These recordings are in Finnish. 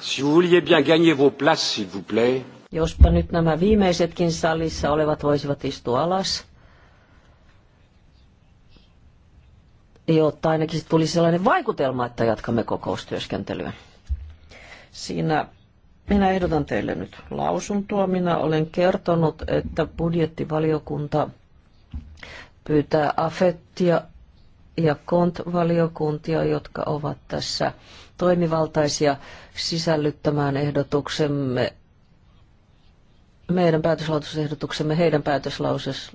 Si vous vouliez bien gagner vos places, s'il vous plaît. Jospa nyt nämä viimeisetkin salissa olevat voisivat istua alas. Jotta ainakin tulisi sellainen vaikutelma, että jatkamme kokoustyöskentelyä. Siinä minä ehdotan teille nyt lausuntoa. Minä olen kertonut, että budjettivaliokunta pyytää afettia ja KONT-valiokuntia, jotka ovat tässä toimivaltaisia sisällyttämään ehdotuksemme meidän päätöslausehdotuksemme heidän päätöslauses,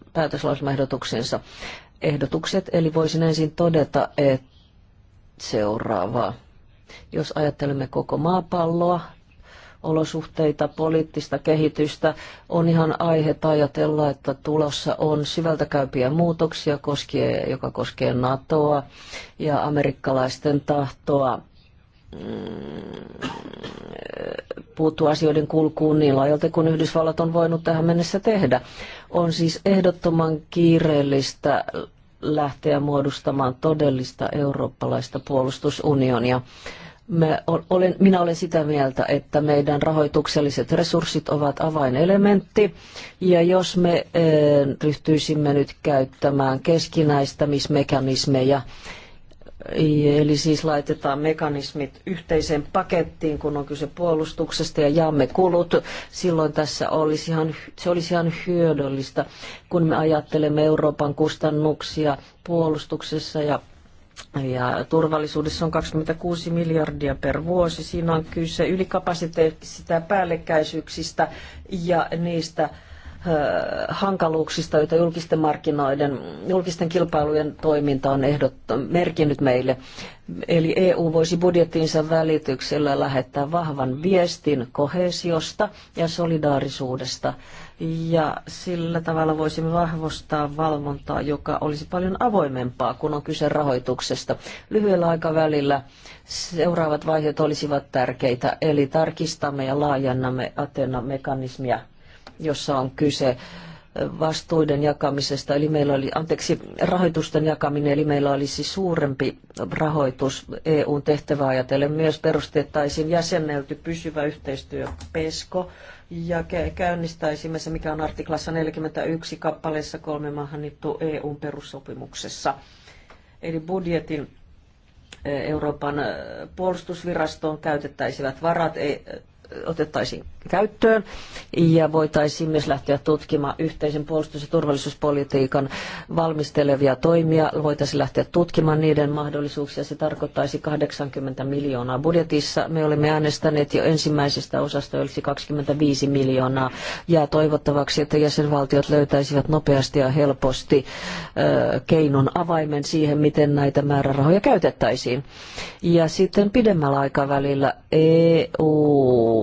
ehdotukset. Eli voisin ensin todeta, että seuraavaa. Jos ajattelemme koko maapalloa, olosuhteita, poliittista kehitystä, on ihan aihe ajatella, että tulossa on syvältäkäypiä muutoksia, koskee, joka koskee NATOa ja amerikkalaisten tahtoa mm, puuttua asioiden kulkuun niin laajalta kuin Yhdysvallat on voinut tähän mennessä tehdä. On siis ehdottoman kiireellistä lähteä muodostamaan todellista eurooppalaista puolustusunionia olen, minä olen sitä mieltä, että meidän rahoitukselliset resurssit ovat avainelementti. Ja jos me eh, ryhtyisimme nyt käyttämään keskinäistämismekanismeja, eh, Eli siis laitetaan mekanismit yhteiseen pakettiin, kun on kyse puolustuksesta ja jaamme kulut. Silloin tässä olisi ihan, se olisi ihan hyödyllistä, kun me ajattelemme Euroopan kustannuksia puolustuksessa ja ja turvallisuudessa on 26 miljardia per vuosi. Siinä on kyse ylikapasiteettisista päällekkäisyyksistä ja niistä hankaluuksista, joita julkisten markkinoiden, julkisten kilpailujen toiminta on ehdotto, merkinnyt meille. Eli EU voisi budjettiinsa välityksellä lähettää vahvan viestin kohesiosta ja solidaarisuudesta ja sillä tavalla voisimme vahvostaa valvontaa, joka olisi paljon avoimempaa, kun on kyse rahoituksesta. Lyhyellä aikavälillä seuraavat vaiheet olisivat tärkeitä, eli tarkistamme ja laajennamme Atena-mekanismia, jossa on kyse vastuiden jakamisesta, eli meillä oli, anteeksi, rahoitusten jakaminen, eli meillä olisi suurempi rahoitus EUn tehtävää ajatellen. Myös perustettaisiin jäsennelty pysyvä yhteistyö PESCO, ja käynnistäisimme se, mikä on artiklassa 41 kappaleessa kolme mainittu EUn perussopimuksessa. Eli budjetin eh, Euroopan eh, puolustusvirastoon käytettäisivät varat eh, otettaisiin käyttöön ja voitaisiin myös lähteä tutkimaan yhteisen puolustus- ja turvallisuuspolitiikan valmistelevia toimia. Voitaisiin lähteä tutkimaan niiden mahdollisuuksia. Se tarkoittaisi 80 miljoonaa budjetissa. Me olemme äänestäneet jo ensimmäisestä osasta olisi 25 miljoonaa. Ja toivottavaksi, että jäsenvaltiot löytäisivät nopeasti ja helposti keinon avaimen siihen, miten näitä määrärahoja käytettäisiin. Ja sitten pidemmällä aikavälillä EU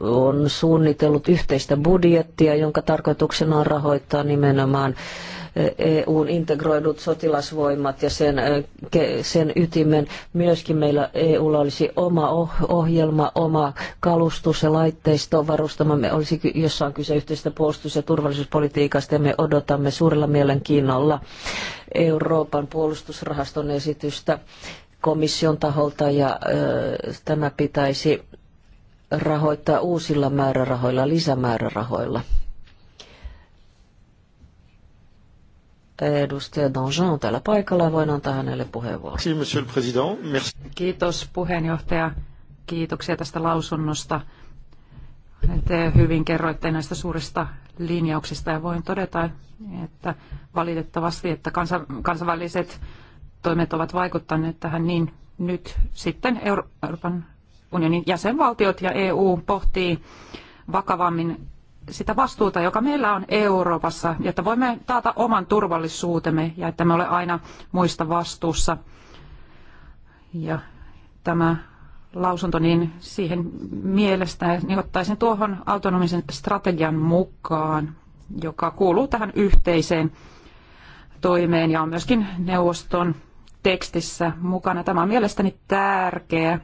on suunnitellut yhteistä budjettia, jonka tarkoituksena on rahoittaa nimenomaan eh, EUn integroidut sotilasvoimat ja sen, eh, sen ytimen. Myöskin meillä EUlla olisi oma oh-, ohjelma, oma kalustus ja laitteisto varustamamme olisi jossain kyse yhteistä puolustus- ja turvallisuuspolitiikasta ja me odotamme suurella mielenkiinnolla Euroopan puolustusrahaston esitystä komission taholta ja ö, eh, tämä pitäisi rahoittaa uusilla määrärahoilla, lisämäärärahoilla. Edustaja Donjon on täällä paikalla ja voin antaa hänelle puheenvuoron. Kiitos puheenjohtaja. Kiitoksia tästä lausunnosta. Te hyvin kerroitte näistä suurista linjauksista ja voin todeta, että valitettavasti, että kansa, kansainväliset toimet ovat vaikuttaneet tähän niin nyt sitten Euroopan unionin jäsenvaltiot ja EU pohtii vakavammin sitä vastuuta, joka meillä on Euroopassa, jotta voimme taata oman turvallisuutemme ja että me ole aina muista vastuussa. Ja tämä lausunto, niin siihen mielestäni niin ottaisin tuohon autonomisen strategian mukaan, joka kuuluu tähän yhteiseen toimeen ja on myöskin neuvoston tekstissä mukana. Tämä on mielestäni tärkeä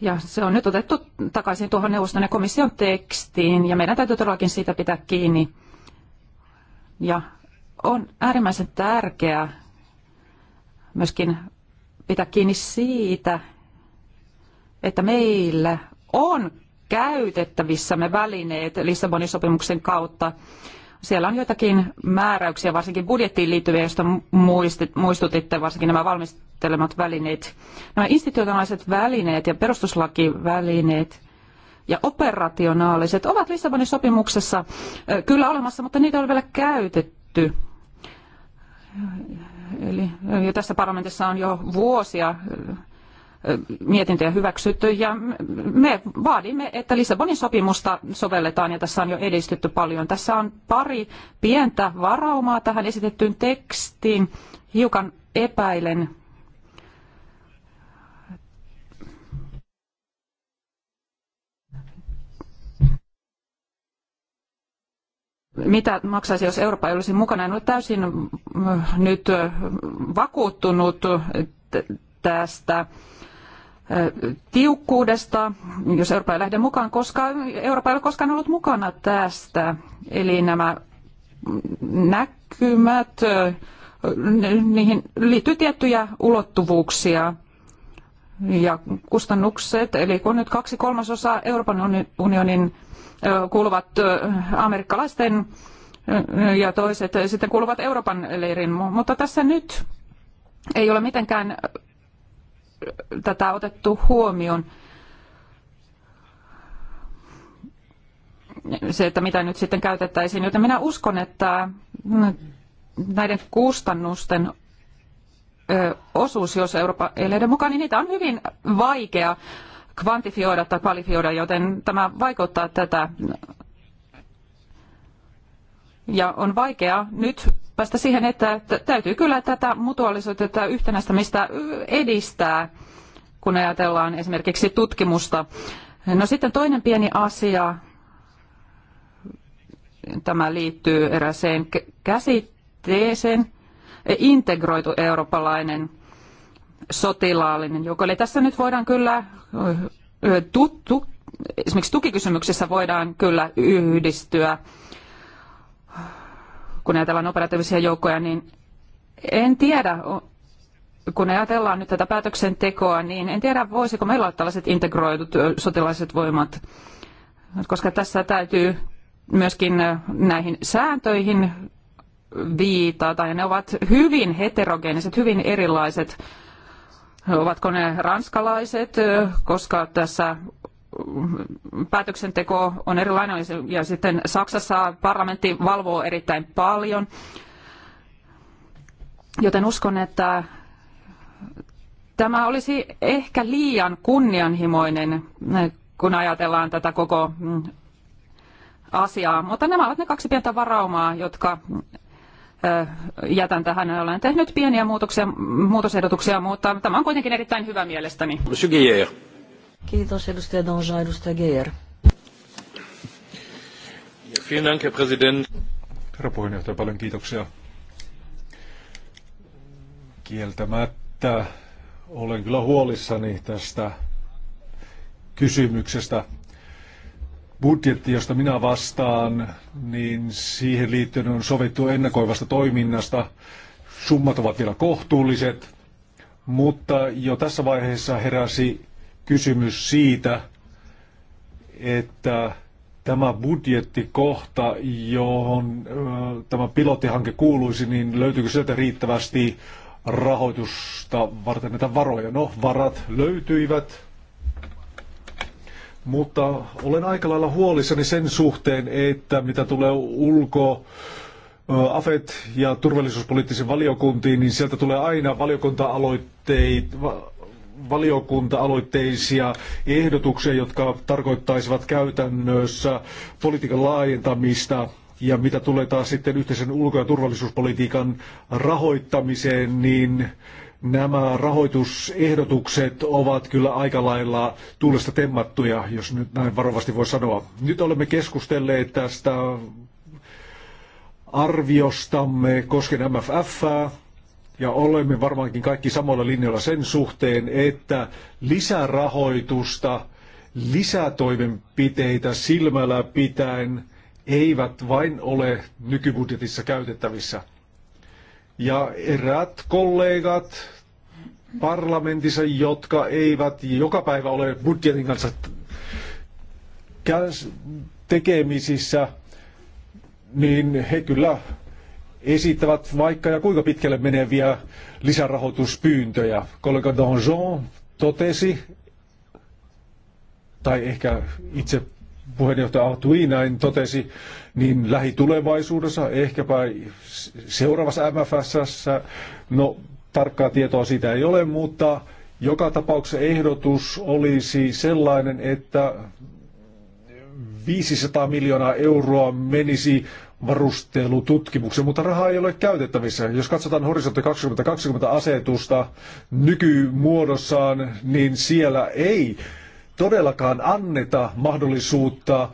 ja se on nyt otettu takaisin tuohon neuvoston ja komission tekstiin, ja meidän täytyy todellakin siitä pitää kiinni. Ja on äärimmäisen tärkeää myöskin pitää kiinni siitä, että meillä on käytettävissämme välineet Lissabonin sopimuksen kautta siellä on joitakin määräyksiä, varsinkin budjettiin liittyviä, joista muistutitte, varsinkin nämä valmistelemat välineet. Nämä institutionaaliset välineet ja perustuslakivälineet ja operationaaliset ovat Lissabonin sopimuksessa kyllä olemassa, mutta niitä on vielä käytetty. Eli jo tässä parlamentissa on jo vuosia mietintöjä hyväksytty ja me vaadimme, että Lissabonin sopimusta sovelletaan ja tässä on jo edistytty paljon. Tässä on pari pientä varaumaa tähän esitettyyn tekstiin. Hiukan epäilen mitä maksaisi, jos Eurooppa ei olisi mukana. En ole täysin mm, nyt mm, vakuuttunut tästä tiukkuudesta, jos Eurooppa ei lähde mukaan, koska Eurooppa ei ole koskaan ollut mukana tästä. Eli nämä näkymät, niihin liittyy tiettyjä ulottuvuuksia ja kustannukset. Eli kun nyt kaksi kolmasosaa Euroopan unionin kuuluvat amerikkalaisten ja toiset sitten kuuluvat Euroopan leirin, mutta tässä nyt ei ole mitenkään tätä otettu huomioon. Se, että mitä nyt sitten käytettäisiin. Joten minä uskon, että näiden kustannusten osuus, jos Eurooppa ei lähde mukaan, niin niitä on hyvin vaikea kvantifioida tai kvalifioida, joten tämä vaikuttaa tätä. Ja on vaikea nyt päästä siihen, että täytyy kyllä tätä mutuaalisuutta, tätä yhtenäistämistä edistää, kun ajatellaan esimerkiksi tutkimusta. No sitten toinen pieni asia, tämä liittyy eräseen käsitteeseen, e, integroitu eurooppalainen sotilaallinen joukko. Eli tässä nyt voidaan kyllä tuttu, esimerkiksi tukikysymyksissä voidaan kyllä yhdistyä kun ajatellaan operatiivisia joukkoja, niin en tiedä, kun ajatellaan nyt tätä päätöksentekoa, niin en tiedä, voisiko meillä olla tällaiset integroidut sotilaiset voimat, koska tässä täytyy myöskin näihin sääntöihin viitata, ja ne ovat hyvin heterogeeniset, hyvin erilaiset. Ovatko ne ranskalaiset, koska tässä päätöksenteko on erilainen ja sitten Saksassa parlamentti valvoo erittäin paljon. Joten uskon, että tämä olisi ehkä liian kunnianhimoinen, kun ajatellaan tätä koko mm, asiaa. Mutta nämä ovat ne kaksi pientä varaumaa, jotka jätän tähän. Olen tehnyt pieniä muutoksia, muutosehdotuksia, mutta tämä on kuitenkin erittäin hyvä mielestäni. Monsieur Kiitos edustaja Donja, edustaja Geijer. Vielen Dank, Herr Präsident. Herra puheenjohtaja, paljon kiitoksia. Kieltämättä olen kyllä huolissani tästä kysymyksestä. Budjetti, josta minä vastaan, niin siihen liittyen on sovittu ennakoivasta toiminnasta. Summat ovat vielä kohtuulliset, mutta jo tässä vaiheessa heräsi kysymys siitä, että tämä budjettikohta, johon äh, tämä pilottihanke kuuluisi, niin löytyykö sieltä riittävästi rahoitusta varten näitä varoja? No, varat löytyivät, mutta olen aika lailla huolissani sen suhteen, että mitä tulee ulko äh, AFET ja turvallisuuspoliittisiin valiokuntiin, niin sieltä tulee aina valiokunta-aloitteita, valiokunta-aloitteisia ehdotuksia, jotka tarkoittaisivat käytännössä politiikan laajentamista ja mitä tulee taas sitten yhteisen ulko- ja turvallisuuspolitiikan rahoittamiseen, niin nämä rahoitusehdotukset ovat kyllä aika lailla tuulesta temmattuja, jos nyt näin varovasti voi sanoa. Nyt olemme keskustelleet tästä arviostamme koskien MFF, ja olemme varmaankin kaikki samoilla linjoilla sen suhteen, että lisärahoitusta, lisätoimenpiteitä silmällä pitäen eivät vain ole nykybudjetissa käytettävissä. Ja eräät kollegat parlamentissa, jotka eivät joka päivä ole budjetin kanssa tekemisissä, niin he kyllä esittävät vaikka ja kuinka pitkälle meneviä lisärahoituspyyntöjä. Kollega Donjon totesi, tai ehkä itse puheenjohtaja Artui näin totesi, niin lähitulevaisuudessa, ehkäpä seuraavassa MFSS, no tarkkaa tietoa siitä ei ole, mutta joka tapauksessa ehdotus olisi sellainen, että 500 miljoonaa euroa menisi varustelututkimuksen, mutta rahaa ei ole käytettävissä. Jos katsotaan horisontti 2020 asetusta nykymuodossaan, niin siellä ei todellakaan anneta mahdollisuutta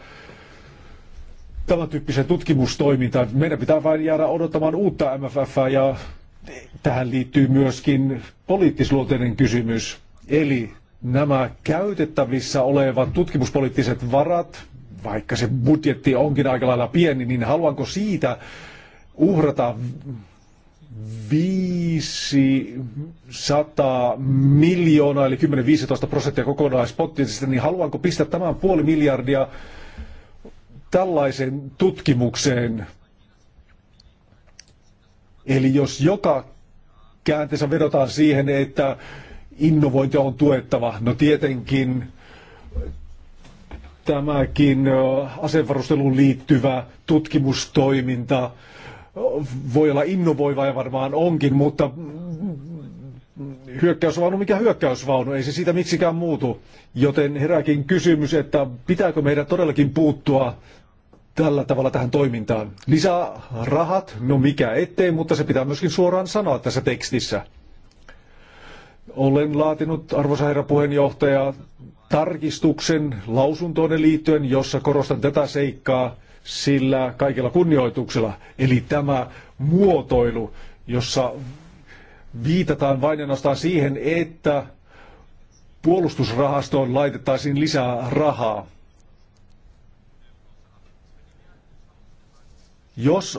tämän tyyppiseen tutkimustoimintaan. Meidän pitää vain jäädä odottamaan uutta MFF ja tähän liittyy myöskin poliittisluonteinen kysymys. Eli nämä käytettävissä olevat tutkimuspoliittiset varat, vaikka se budjetti onkin aika lailla pieni, niin haluanko siitä uhrata 500 miljoonaa, eli 10-15 prosenttia kokonaispottinsista, niin haluanko pistää tämän puoli miljardia tällaiseen tutkimukseen? Eli jos joka käänteessä vedotaan siihen, että innovointia on tuettava, no tietenkin tämäkin asevarusteluun liittyvä tutkimustoiminta voi olla innovoiva ja varmaan onkin, mutta hyökkäysvaunu mikä hyökkäysvaunu, ei se siitä miksikään muutu. Joten herääkin kysymys, että pitääkö meidän todellakin puuttua tällä tavalla tähän toimintaan. Lisää rahat, no mikä ettei, mutta se pitää myöskin suoraan sanoa tässä tekstissä. Olen laatinut, arvoisa herra puheenjohtaja, tarkistuksen lausuntoon liittyen, jossa korostan tätä seikkaa sillä kaikilla kunnioituksella. Eli tämä muotoilu, jossa viitataan vain ainoastaan siihen, että puolustusrahastoon laitettaisiin lisää rahaa. Jos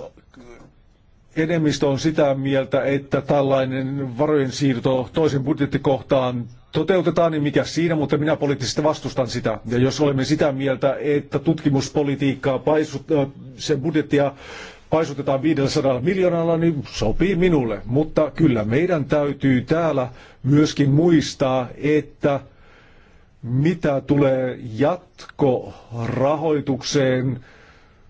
enemmistö on sitä mieltä, että tällainen varojen siirto toisen budjettikohtaan toteutetaan, niin mikä siinä, mutta minä poliittisesti vastustan sitä. Ja jos olemme sitä mieltä, että tutkimuspolitiikkaa, paisut, äh, sen budjettia paisutetaan 500 miljoonalla, niin sopii minulle. Mutta kyllä meidän täytyy täällä myöskin muistaa, että mitä tulee jatkorahoitukseen,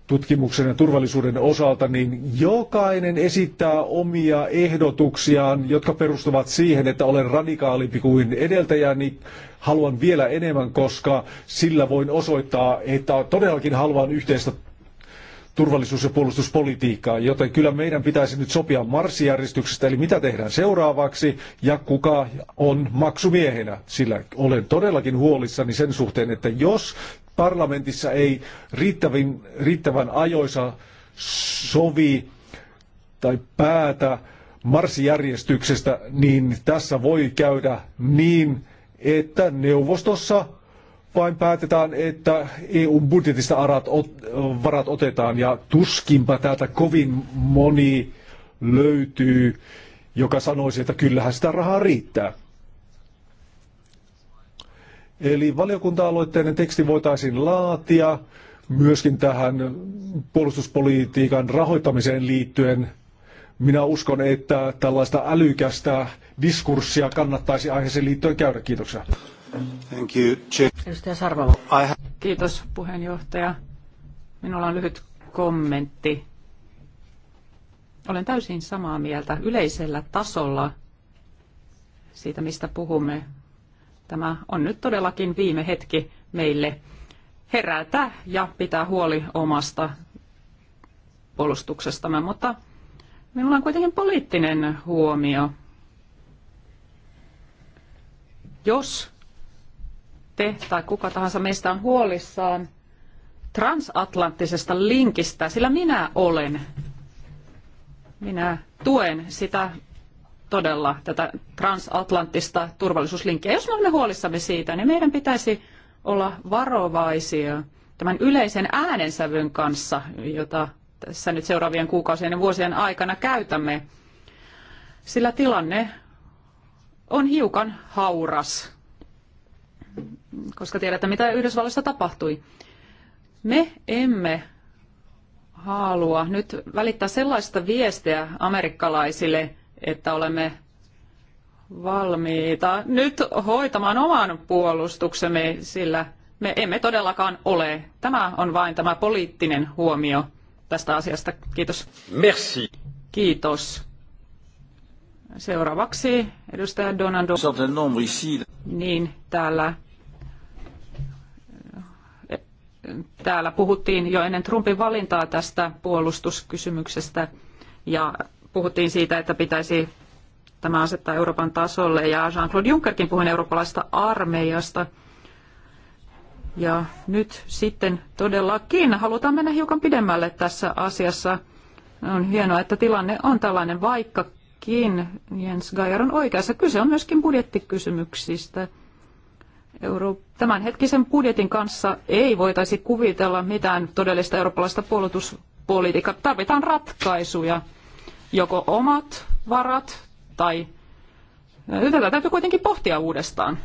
tutkimuksen ja turvallisuuden osalta, niin jokainen esittää omia ehdotuksiaan, jotka perustuvat siihen, että olen radikaalimpi kuin edeltäjäni, niin haluan vielä enemmän, koska sillä voin osoittaa, että todellakin haluan yhteistä turvallisuus- ja puolustuspolitiikkaa, joten kyllä meidän pitäisi nyt sopia marssijärjestyksestä, eli mitä tehdään seuraavaksi ja kuka on maksumiehenä, sillä olen todellakin huolissani sen suhteen, että jos parlamentissa ei riittävin, riittävän ajoissa sovi tai päätä marssijärjestyksestä, niin tässä voi käydä niin, että neuvostossa vain päätetään, että EU-budjetista varat otetaan ja tuskinpa täältä kovin moni löytyy, joka sanoisi, että kyllähän sitä rahaa riittää. Eli valiokunta-aloitteinen teksti voitaisiin laatia myöskin tähän puolustuspolitiikan rahoittamiseen liittyen. Minä uskon, että tällaista älykästä diskurssia kannattaisi aiheeseen liittyen käydä. Kiitoksia. Thank you. Edustaja Sarvalo. Kiitos puheenjohtaja. Minulla on lyhyt kommentti. Olen täysin samaa mieltä yleisellä tasolla siitä, mistä puhumme Tämä on nyt todellakin viime hetki meille herätä ja pitää huoli omasta puolustuksestamme, mutta minulla on kuitenkin poliittinen huomio. Jos te tai kuka tahansa meistä on huolissaan transatlanttisesta linkistä, sillä minä olen. Minä tuen sitä todella tätä transatlanttista turvallisuuslinkkiä. Jos me olemme huolissamme siitä, niin meidän pitäisi olla varovaisia tämän yleisen äänensävyn kanssa, jota tässä nyt seuraavien kuukausien ja vuosien aikana käytämme, sillä tilanne on hiukan hauras, koska tiedätte, mitä Yhdysvalloissa tapahtui. Me emme halua nyt välittää sellaista viestiä amerikkalaisille, että olemme valmiita nyt hoitamaan oman puolustuksemme, sillä me emme todellakaan ole. Tämä on vain tämä poliittinen huomio tästä asiasta. Kiitos. Merci. Kiitos. Seuraavaksi edustaja Donando. Niin, täällä, täällä puhuttiin jo ennen Trumpin valintaa tästä puolustuskysymyksestä ja puhuttiin siitä, että pitäisi tämä asettaa Euroopan tasolle ja Jean-Claude Junckerkin puhui eurooppalaisesta armeijasta. Ja nyt sitten todellakin halutaan mennä hiukan pidemmälle tässä asiassa. On hienoa, että tilanne on tällainen, vaikkakin Jens Geier on oikeassa. Kyse on myöskin budjettikysymyksistä. Euro- tämänhetkisen budjetin kanssa ei voitaisi kuvitella mitään todellista eurooppalaista puolustuspolitiikkaa. Tarvitaan ratkaisuja joko omat varat tai eh, tätä täytyy kuitenkin pohtia uudestaan.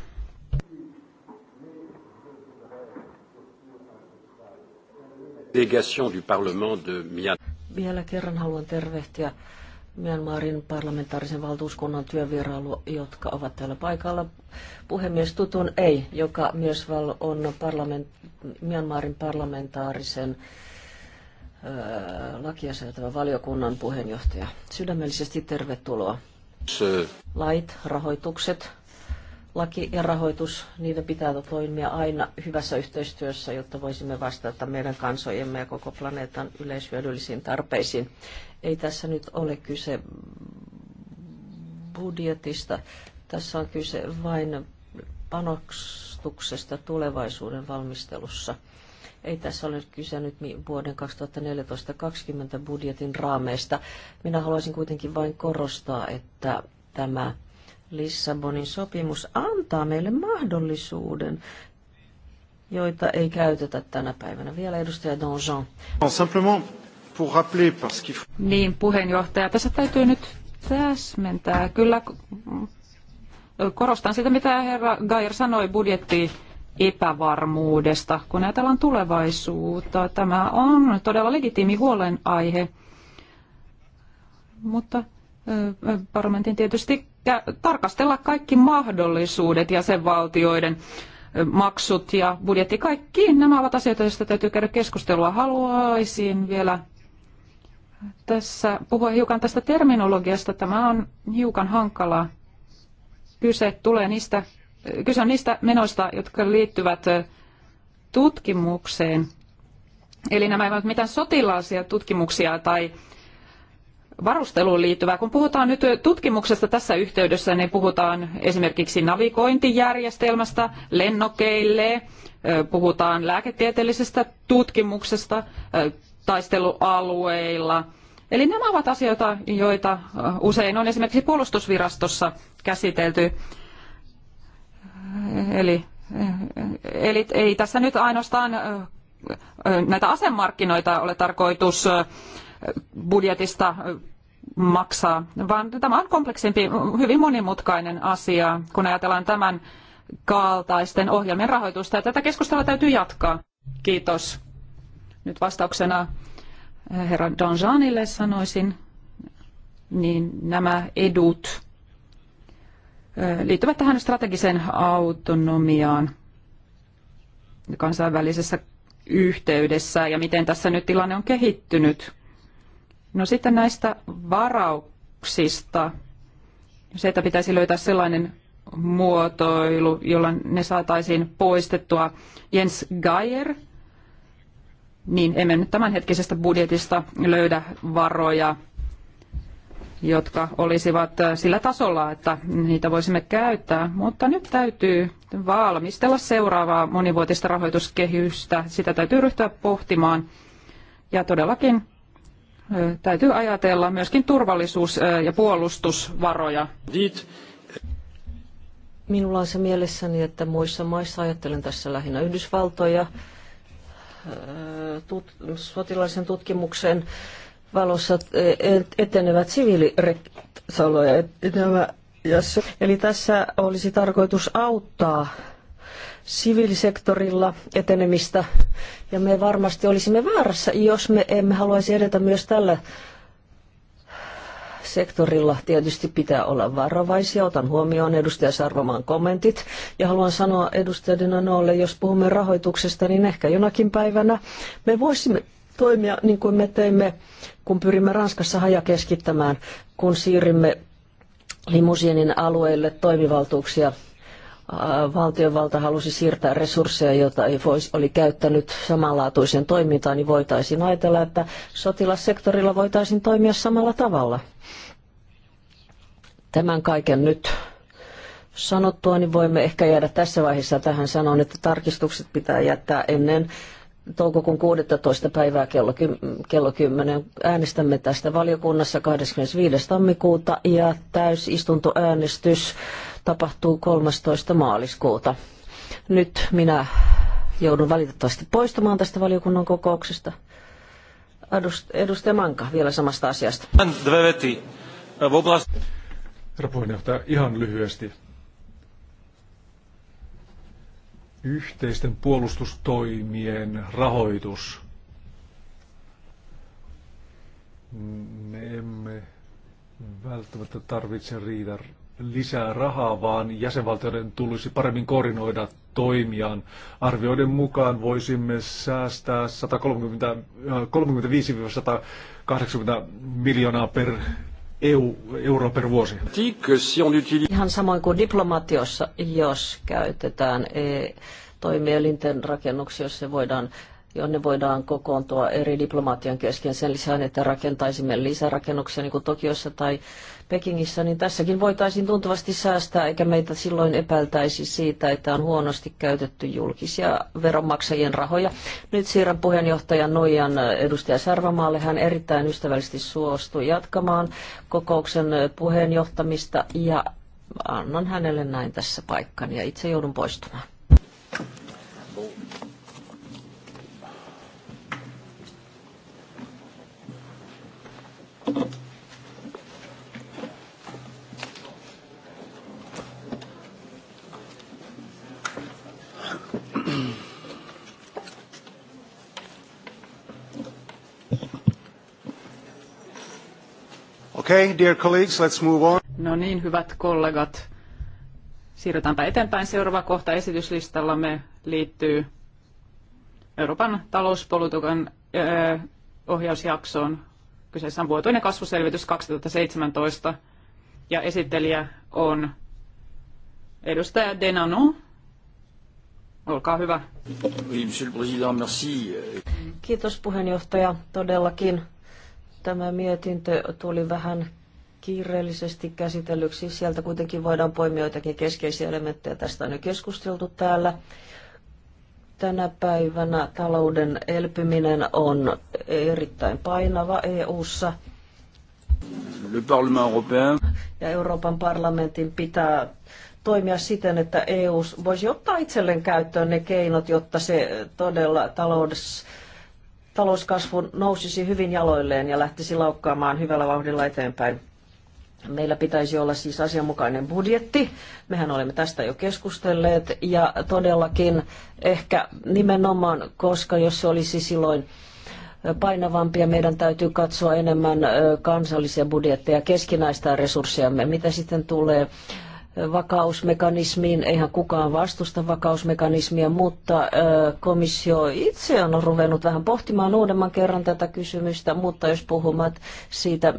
Vielä kerran haluan tervehtiä Myanmarin parlamentaarisen valtuuskunnan työvierailu, jotka ovat täällä paikalla. Puhemies Tutun Ei, joka myös on parlament, Myanmarin parlamentaarisen lakia valiokunnan puheenjohtaja. Sydämellisesti tervetuloa. Lait, rahoitukset, laki ja rahoitus, niiden pitää toimia aina hyvässä yhteistyössä, jotta voisimme vastata meidän kansojemme ja koko planeetan yleishyödyllisiin tarpeisiin. Ei tässä nyt ole kyse budjetista. Tässä on kyse vain panostuksesta tulevaisuuden valmistelussa – ei tässä ole kyse nyt vuoden 2014-2020 budjetin raameista. Minä haluaisin kuitenkin vain korostaa, että tämä Lissabonin sopimus antaa meille mahdollisuuden joita ei käytetä tänä päivänä. Vielä edustaja Donjon. Niin, puheenjohtaja, tässä täytyy nyt täsmentää. Kyllä mm, korostan sitä, mitä herra Gair sanoi budjettiin epävarmuudesta, kun ajatellaan tulevaisuutta. Tämä on todella legitiimi huolenaihe, mutta parlamentin tietysti tarkastella kaikki mahdollisuudet ja valtioiden maksut ja budjetti, kaikki nämä ovat asioita, joista täytyy käydä keskustelua. Haluaisin vielä tässä puhua hiukan tästä terminologiasta. Tämä on hiukan hankalaa. Kyse tulee niistä kyse on niistä menoista, jotka liittyvät tutkimukseen. Eli nämä eivät ole mitään sotilaallisia tutkimuksia tai varusteluun liittyvää. Kun puhutaan nyt tutkimuksesta tässä yhteydessä, niin puhutaan esimerkiksi navigointijärjestelmästä lennokeille, puhutaan lääketieteellisestä tutkimuksesta taistelualueilla. Eli nämä ovat asioita, joita usein on esimerkiksi puolustusvirastossa käsitelty. Eli, eli ei tässä nyt ainoastaan näitä asemarkkinoita ole tarkoitus budjetista maksaa, vaan tämä on kompleksimpi, hyvin monimutkainen asia, kun ajatellaan tämän kaltaisten ohjelmien rahoitusta. Ja tätä keskustelua täytyy jatkaa. Kiitos. Nyt vastauksena herra Donjanille sanoisin, niin nämä edut liittyvät tähän strategiseen autonomiaan kansainvälisessä yhteydessä ja miten tässä nyt tilanne on kehittynyt. No sitten näistä varauksista, se, että pitäisi löytää sellainen muotoilu, jolla ne saataisiin poistettua. Jens Geier, niin emme nyt tämänhetkisestä budjetista löydä varoja jotka olisivat äh, sillä tasolla, että niitä voisimme käyttää. Mutta nyt täytyy valmistella seuraavaa monivuotista rahoituskehystä. Sitä täytyy ryhtyä pohtimaan. Ja todellakin äh, täytyy ajatella myöskin turvallisuus- äh, ja puolustusvaroja. Minulla on se mielessäni, että muissa maissa ajattelen tässä lähinnä Yhdysvaltoja, tut, sotilaisen tutkimuksen valossa e, e, etenevät siviilireksaloja. Eli tässä olisi tarkoitus auttaa siviilisektorilla etenemistä ja me varmasti olisimme väärässä, jos me emme haluaisi edetä myös tällä sektorilla tietysti pitää olla varovaisia. Otan huomioon edustaja Sarvamaan kommentit ja haluan sanoa edustaja Dinanolle, jos puhumme rahoituksesta, niin ehkä jonakin päivänä me voisimme toimia niin kuin me teimme kun pyrimme Ranskassa hajakeskittämään, kun siirrimme limusienin alueille toimivaltuuksia valtiovalta halusi siirtää resursseja, joita ei voisi oli käyttänyt samanlaatuiseen toimintaan, niin voitaisiin ajatella, että sotilassektorilla voitaisiin toimia samalla tavalla. Tämän kaiken nyt sanottua, niin voimme ehkä jäädä tässä vaiheessa tähän sanon, että tarkistukset pitää jättää ennen toukokuun 16. päivää kello, kello 10. Äänestämme tästä valiokunnassa 25. tammikuuta ja täysistuntoäänestys tapahtuu 13. maaliskuuta. Nyt minä joudun valitettavasti poistumaan tästä valiokunnan kokouksesta. Edustaja Manka vielä samasta asiasta. Herra puheenjohtaja, ihan lyhyesti. yhteisten puolustustoimien rahoitus. Me emme välttämättä tarvitse riitä lisää rahaa, vaan jäsenvaltioiden tulisi paremmin koordinoida toimiaan. Arvioiden mukaan voisimme säästää 135-180 miljoonaa per EU, euroa per vuosi. Ihan samoin kuin diplomatiossa, jos käytetään e- toimielinten rakennuksia, jos se voidaan jonne voidaan kokoontua eri diplomaatian kesken sen lisään, että rakentaisimme lisärakennuksia niin kuin Tokiossa tai Pekingissä, niin tässäkin voitaisiin tuntuvasti säästää, eikä meitä silloin epäiltäisi siitä, että on huonosti käytetty julkisia veronmaksajien rahoja. Nyt siirrän puheenjohtajan Noijan edustaja Sarvamaalle. Hän erittäin ystävällisesti suostui jatkamaan kokouksen puheenjohtamista ja annan hänelle näin tässä paikkan ja itse joudun poistumaan. Thank you. Okay, dear colleagues, let's move on. No niin, hyvät kollegat. Siirrytäänpä eteenpäin. Seuraava kohta esityslistallamme liittyy Euroopan talouspolitiikan äh, ohjausjaksoon. Kyseessä on vuotuinen kasvuselvitys 2017 ja esittelijä on edustaja Denano. Olkaa hyvä. Kiitos puheenjohtaja. Todellakin tämä mietintö tuli vähän kiireellisesti käsitellyksi. Sieltä kuitenkin voidaan poimia joitakin keskeisiä elementtejä. Tästä on jo keskusteltu täällä. Tänä päivänä talouden elpyminen on erittäin painava EU:ssa. Ja Euroopan parlamentin pitää toimia siten, että EU voisi ottaa itselleen käyttöön ne keinot, jotta se todella talous, talouskasvu nousisi hyvin jaloilleen ja lähtisi laukkaamaan hyvällä vauhdilla eteenpäin. Meillä pitäisi olla siis asianmukainen budjetti. Mehän olemme tästä jo keskustelleet ja todellakin ehkä nimenomaan, koska jos se olisi silloin painavampia. Meidän täytyy katsoa enemmän kansallisia budjetteja, keskinäistä resursseja. Mitä sitten tulee vakausmekanismiin. Eihän kukaan vastusta vakausmekanismia, mutta komissio itse on ruvennut vähän pohtimaan uudemman kerran tätä kysymystä, mutta jos puhumat siitä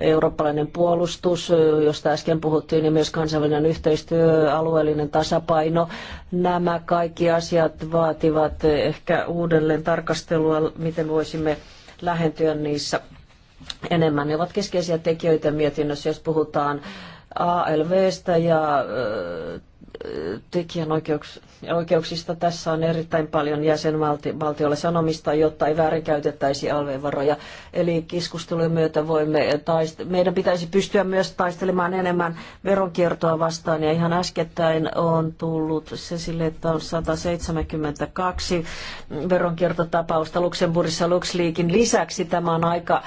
eurooppalainen puolustus, josta äsken puhuttiin, ja myös kansainvälinen yhteistyö, alueellinen tasapaino. Nämä kaikki asiat vaativat ehkä uudelleen tarkastelua, miten voisimme lähentyä niissä enemmän. Ne ovat keskeisiä tekijöitä mietinnössä, jos puhutaan ALVstä ja tekijänoikeuksista tässä on erittäin paljon jäsenvaltiolle sanomista, jotta ei väärinkäytettäisi alvevaroja. Eli keskustelujen myötä voimme taist- meidän pitäisi pystyä myös taistelemaan enemmän veronkiertoa vastaan. Ja ihan äskettäin on tullut se sille, että on 172 veronkiertotapausta Luxemburgissa LuxLeakin lisäksi. Tämä on aika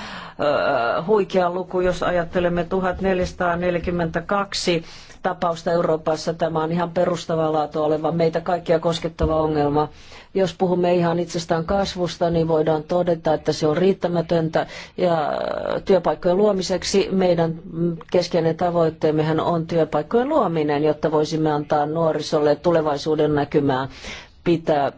huikea luku, jos ajattelemme 1442 tapausta Euroopassa. Tämä on ihan perustavaa laatua oleva meitä kaikkia koskettava ongelma. Jos puhumme ihan itsestään kasvusta, niin voidaan todeta, että se on riittämätöntä. Ja äh, työpaikkojen luomiseksi meidän keskeinen tavoitteemmehän on työpaikkojen luominen, jotta voisimme antaa nuorisolle tulevaisuuden näkymää pitää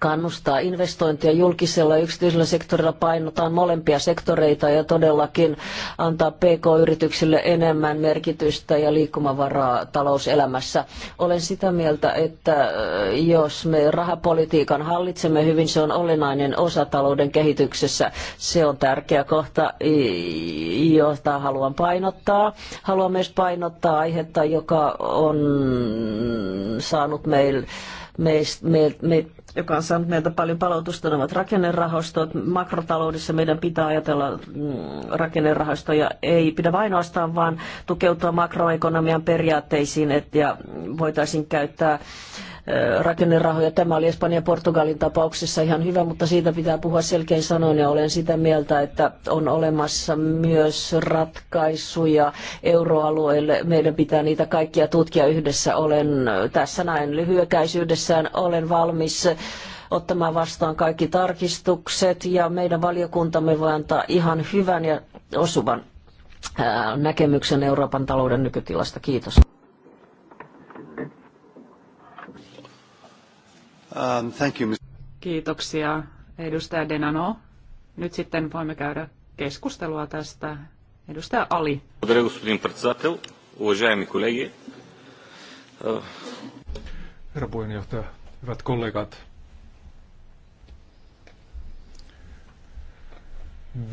kannustaa investointia julkisella ja yksityisellä sektorilla, painotaan molempia sektoreita ja todellakin antaa PK-yrityksille enemmän merkitystä ja liikkumavaraa talouselämässä. Olen sitä mieltä, että äh, jos me rahapolitiikan hallitsemme hyvin, se on olennainen osa talouden kehityksessä. Se on tärkeä kohta, jota haluan painottaa. Haluan myös painottaa aihetta, joka on saanut meille me, me, joka on saanut meiltä paljon palautusta, ne ovat rakennerahastot. Makrotaloudessa meidän pitää ajatella mm, rakennerahastoja. Ei pidä vain ainoastaan vaan tukeutua makroekonomian periaatteisiin, että voitaisiin käyttää rakennerahoja. Tämä oli Espanjan ja Portugalin tapauksessa ihan hyvä, mutta siitä pitää puhua selkein sanoin ja olen sitä mieltä, että on olemassa myös ratkaisuja euroalueelle. Meidän pitää niitä kaikkia tutkia yhdessä. Olen tässä näin lyhykäisyydessään olen valmis ottamaan vastaan kaikki tarkistukset ja meidän valiokuntamme voi antaa ihan hyvän ja osuvan näkemyksen Euroopan talouden nykytilasta. Kiitos. Um, thank you, Kiitoksia, edustaja Denano. Nyt sitten voimme käydä keskustelua tästä. Edustaja Ali. Herra puheenjohtaja, hyvät kollegat,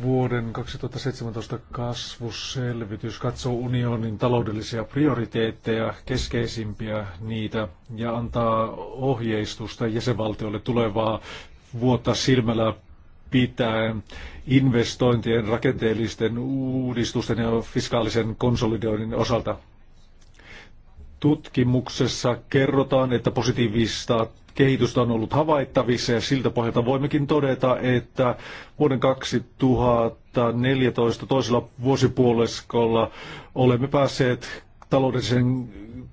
Vuoden 2017 kasvuselvitys katsoo unionin taloudellisia prioriteetteja, keskeisimpiä niitä, ja antaa ohjeistusta jäsenvaltioille tulevaa vuotta silmällä pitäen investointien, rakenteellisten uudistusten ja fiskaalisen konsolidoinnin osalta. Tutkimuksessa kerrotaan, että positiivista kehitystä on ollut havaittavissa ja siltä pohjalta voimmekin todeta, että vuoden 2014 toisella vuosipuoliskolla olemme päässeet taloudellisen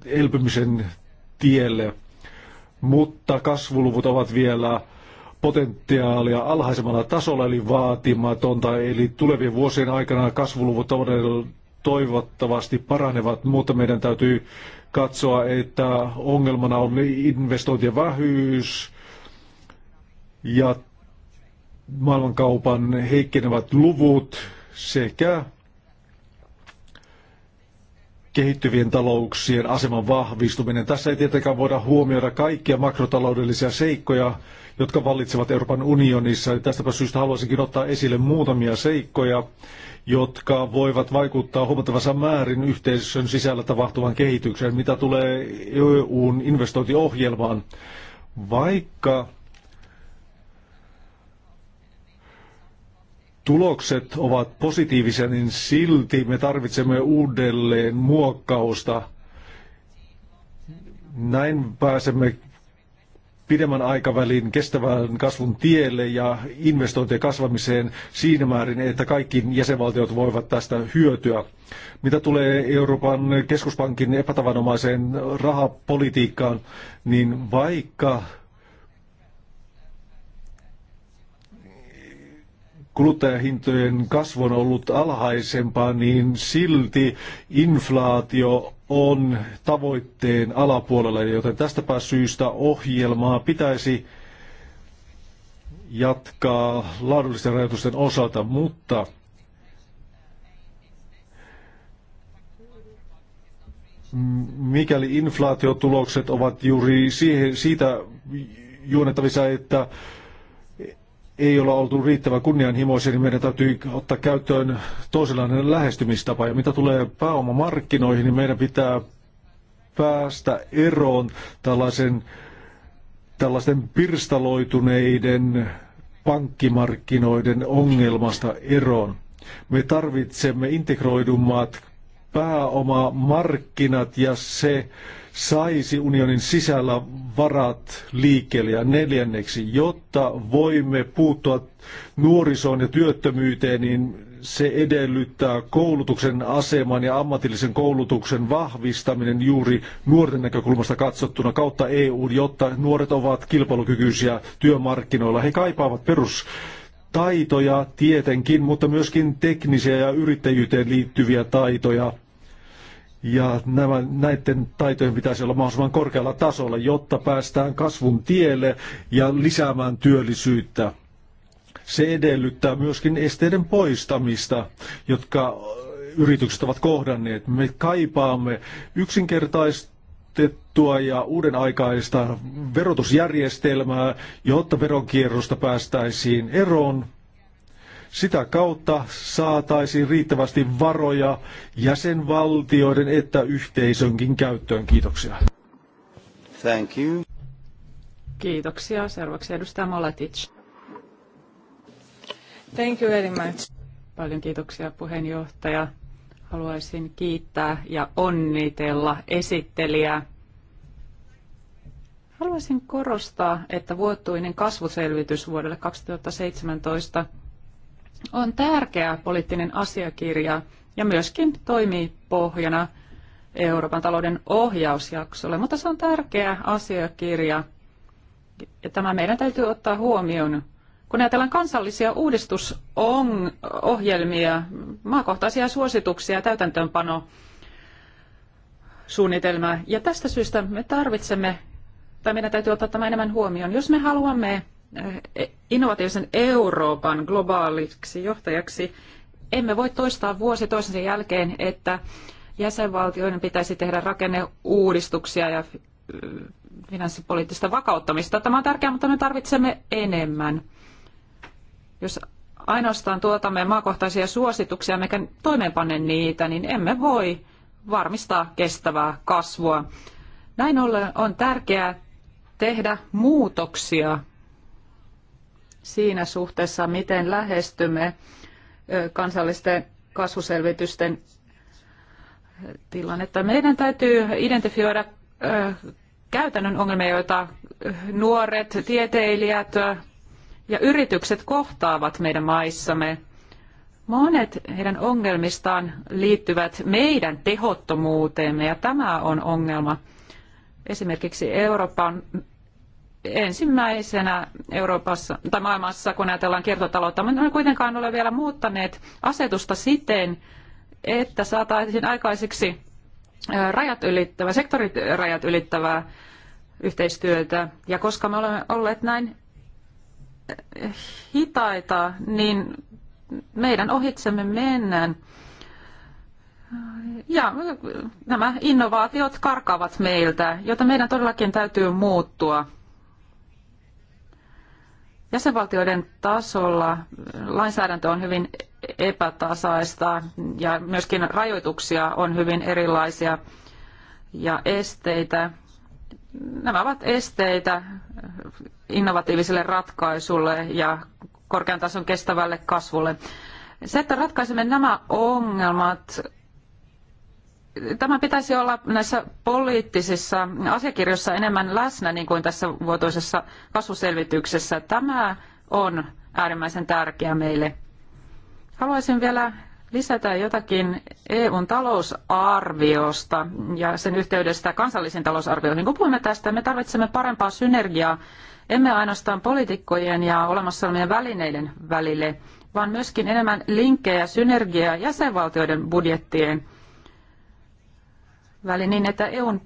elpymisen tielle, mutta kasvuluvut ovat vielä potentiaalia alhaisemmalla tasolla, eli vaatimatonta, eli tulevien vuosien aikana kasvuluvut toivottavasti paranevat, mutta meidän täytyy katsoa, että ongelmana on investointien vähyys ja maailmankaupan heikkenevät luvut sekä kehittyvien talouksien aseman vahvistuminen. Tässä ei tietenkään voida huomioida kaikkia makrotaloudellisia seikkoja, jotka vallitsevat Euroopan unionissa. Tästäpä syystä haluaisinkin ottaa esille muutamia seikkoja, jotka voivat vaikuttaa huomattavassa määrin yhteisön sisällä tapahtuvan kehitykseen, mitä tulee EUn investointiohjelmaan. Vaikka tulokset ovat positiivisia, niin silti me tarvitsemme uudelleen muokkausta. Näin pääsemme pidemmän aikavälin kestävän kasvun tielle ja investointien kasvamiseen siinä määrin, että kaikki jäsenvaltiot voivat tästä hyötyä. Mitä tulee Euroopan keskuspankin epätavanomaiseen rahapolitiikkaan, niin vaikka kuluttajahintojen kasvu on ollut alhaisempaa, niin silti inflaatio on tavoitteen alapuolella, joten tästäpä syystä ohjelmaa pitäisi jatkaa laadullisten rajoitusten osalta, mutta mikäli inflaatiotulokset ovat juuri siitä juonnettavissa, että ei olla oltu riittävän kunnianhimoisia, niin meidän täytyy ottaa käyttöön toisenlainen lähestymistapa. Ja mitä tulee pääomamarkkinoihin, niin meidän pitää päästä eroon tällaisen, tällaisten pirstaloituneiden pankkimarkkinoiden ongelmasta eroon. Me tarvitsemme integroidummat pääomamarkkinat ja se, saisi unionin sisällä varat liikkeelle ja neljänneksi, jotta voimme puuttua nuorisoon ja työttömyyteen, niin se edellyttää koulutuksen aseman ja ammatillisen koulutuksen vahvistaminen juuri nuorten näkökulmasta katsottuna kautta EU, jotta nuoret ovat kilpailukykyisiä työmarkkinoilla. He kaipaavat perus taitoja tietenkin, mutta myöskin teknisiä ja yrittäjyyteen liittyviä taitoja ja nämä, näiden taitojen pitäisi olla mahdollisimman korkealla tasolla, jotta päästään kasvun tielle ja lisäämään työllisyyttä. Se edellyttää myöskin esteiden poistamista, jotka yritykset ovat kohdanneet. Me kaipaamme yksinkertaistettua ja uuden aikaista verotusjärjestelmää, jotta veronkierrosta päästäisiin eroon sitä kautta saataisiin riittävästi varoja jäsenvaltioiden että yhteisönkin käyttöön. Kiitoksia. Thank you. Kiitoksia. Seuraavaksi edustaja Maletic. Thank you very much. Paljon kiitoksia puheenjohtaja. Haluaisin kiittää ja onnitella esittelijää. Haluaisin korostaa, että vuotuinen kasvuselvitys vuodelle 2017 on tärkeä poliittinen asiakirja ja myöskin toimii pohjana Euroopan talouden ohjausjaksolle, mutta se on tärkeä asiakirja ja tämä meidän täytyy ottaa huomioon. Kun ajatellaan kansallisia uudistusohjelmia, maakohtaisia suosituksia ja täytäntöönpano suunnitelmaa. Ja tästä syystä me tarvitsemme, tai meidän täytyy ottaa tämä enemmän huomioon. Jos me haluamme innovatiivisen Euroopan globaaliksi johtajaksi, emme voi toistaa vuosi toisensa jälkeen, että jäsenvaltioiden pitäisi tehdä rakenneuudistuksia ja finanssipoliittista vakauttamista. Tämä on tärkeää, mutta me tarvitsemme enemmän. Jos ainoastaan tuotamme maakohtaisia suosituksia, mikä toimeenpanne niitä, niin emme voi varmistaa kestävää kasvua. Näin ollen on tärkeää tehdä muutoksia siinä suhteessa, miten lähestymme kansallisten kasvuselvitysten tilannetta. Meidän täytyy identifioida käytännön ongelmia, joita nuoret, tieteilijät ja yritykset kohtaavat meidän maissamme. Monet heidän ongelmistaan liittyvät meidän tehottomuuteemme ja tämä on ongelma. Esimerkiksi Eurooppa on ensimmäisenä Euroopassa tai maailmassa, kun ajatellaan kiertotaloutta, mutta ne kuitenkaan ole vielä muuttaneet asetusta siten, että saataisiin aikaiseksi rajat ylittävää, sektorirajat ylittävää yhteistyötä. Ja koska me olemme olleet näin hitaita, niin meidän ohitsemme mennään. Ja nämä innovaatiot karkaavat meiltä, joten meidän todellakin täytyy muuttua. Jäsenvaltioiden tasolla lainsäädäntö on hyvin epätasaista ja myöskin rajoituksia on hyvin erilaisia ja esteitä. Nämä ovat esteitä innovatiiviselle ratkaisulle ja korkean tason kestävälle kasvulle. Se, että ratkaisemme nämä ongelmat, Tämä pitäisi olla näissä poliittisissa asiakirjoissa enemmän läsnä, niin kuin tässä vuotuisessa kasvuselvityksessä. Tämä on äärimmäisen tärkeä meille. Haluaisin vielä lisätä jotakin EUn talousarviosta ja sen yhteydestä kansallisiin talousarvioihin. Niin Kun puhumme tästä, me tarvitsemme parempaa synergiaa, emme ainoastaan poliitikkojen ja olemassa olevien välineiden välille, vaan myöskin enemmän linkkejä, synergiaa jäsenvaltioiden budjettien väli niin, että EUn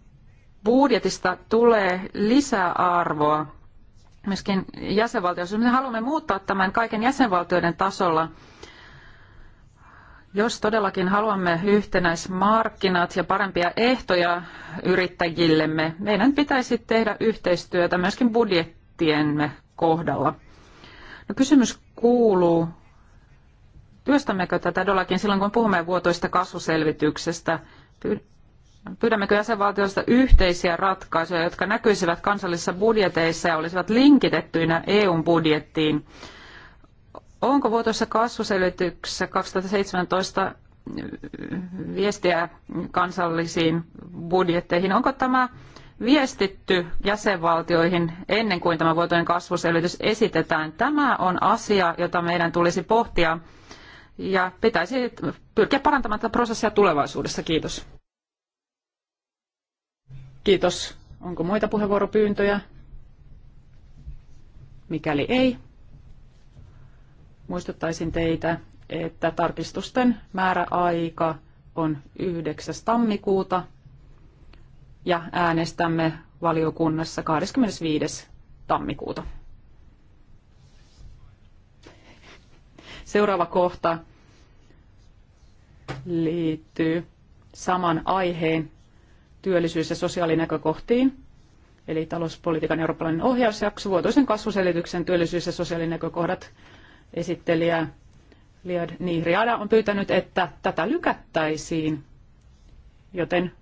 budjetista tulee lisäarvoa myöskin jäsenvaltioissa. Me haluamme muuttaa tämän kaiken jäsenvaltioiden tasolla. Jos todellakin haluamme yhtenäismarkkinat ja parempia ehtoja yrittäjillemme, meidän pitäisi tehdä yhteistyötä myöskin budjettiemme kohdalla. No, kysymys kuuluu, työstämmekö tätä todellakin silloin, kun puhumme vuotoista kasvuselvityksestä? pyydämmekö jäsenvaltioista yhteisiä ratkaisuja, jotka näkyisivät kansallisissa budjeteissa ja olisivat linkitettyinä EUn budjettiin. Onko vuotuisessa kasvuselityksessä 2017 viestiä kansallisiin budjetteihin? Onko tämä viestitty jäsenvaltioihin ennen kuin tämä vuotuinen kasvuselvitys esitetään. Tämä on asia, jota meidän tulisi pohtia ja pitäisi pyrkiä parantamaan tätä prosessia tulevaisuudessa. Kiitos. Kiitos. Onko muita puheenvuoropyyntöjä? Mikäli ei, muistuttaisin teitä, että tarkistusten määräaika on 9. tammikuuta ja äänestämme valiokunnassa 25. tammikuuta. Seuraava kohta liittyy saman aiheen työllisyys- ja sosiaalinäkökohtiin, eli talouspolitiikan eurooppalainen ohjausjakso, vuotoisen kasvuselityksen työllisyys- ja sosiaalinäkökohdat esittelijä Liad Nihriada on pyytänyt, että tätä lykättäisiin, joten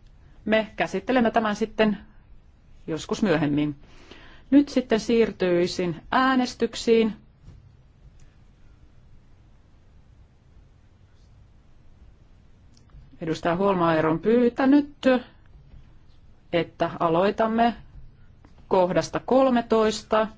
me käsittelemme tämän sitten joskus myöhemmin. Nyt sitten siirtyisin äänestyksiin. Edustaja Holmaer on pyytänyt että aloitamme kohdasta 13.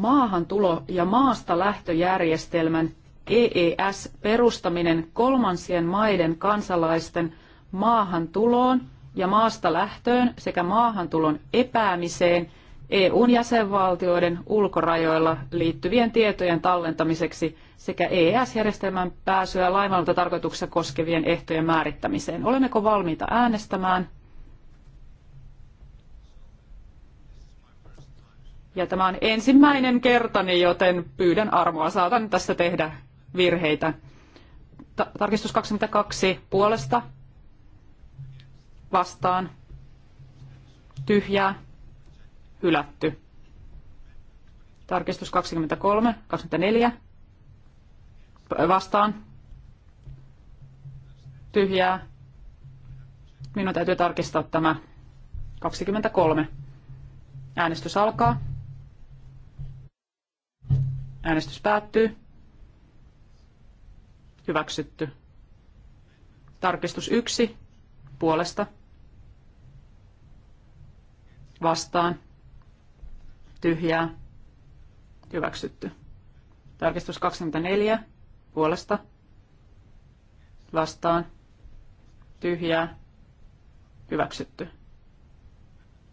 Maahantulo- ja maasta lähtöjärjestelmän EES perustaminen kolmansien maiden kansalaisten maahantuloon ja maasta lähtöön sekä maahantulon epäämiseen – EUn jäsenvaltioiden ulkorajoilla liittyvien tietojen tallentamiseksi sekä EES-järjestelmän pääsyä laivalta tarkoituksessa koskevien ehtojen määrittämiseen. Olemmeko valmiita äänestämään? Ja tämä on ensimmäinen kertani, joten pyydän armoa. Saatan tässä tehdä virheitä. tarkistus 22 puolesta vastaan. Tyhjää hylätty. Tarkistus 23, 24 vastaan. Tyhjää. Minun täytyy tarkistaa tämä 23. Äänestys alkaa. Äänestys päättyy. Hyväksytty. Tarkistus 1. Puolesta. Vastaan tyhjää, hyväksytty. Tarkistus 24, puolesta, vastaan, tyhjää, hyväksytty.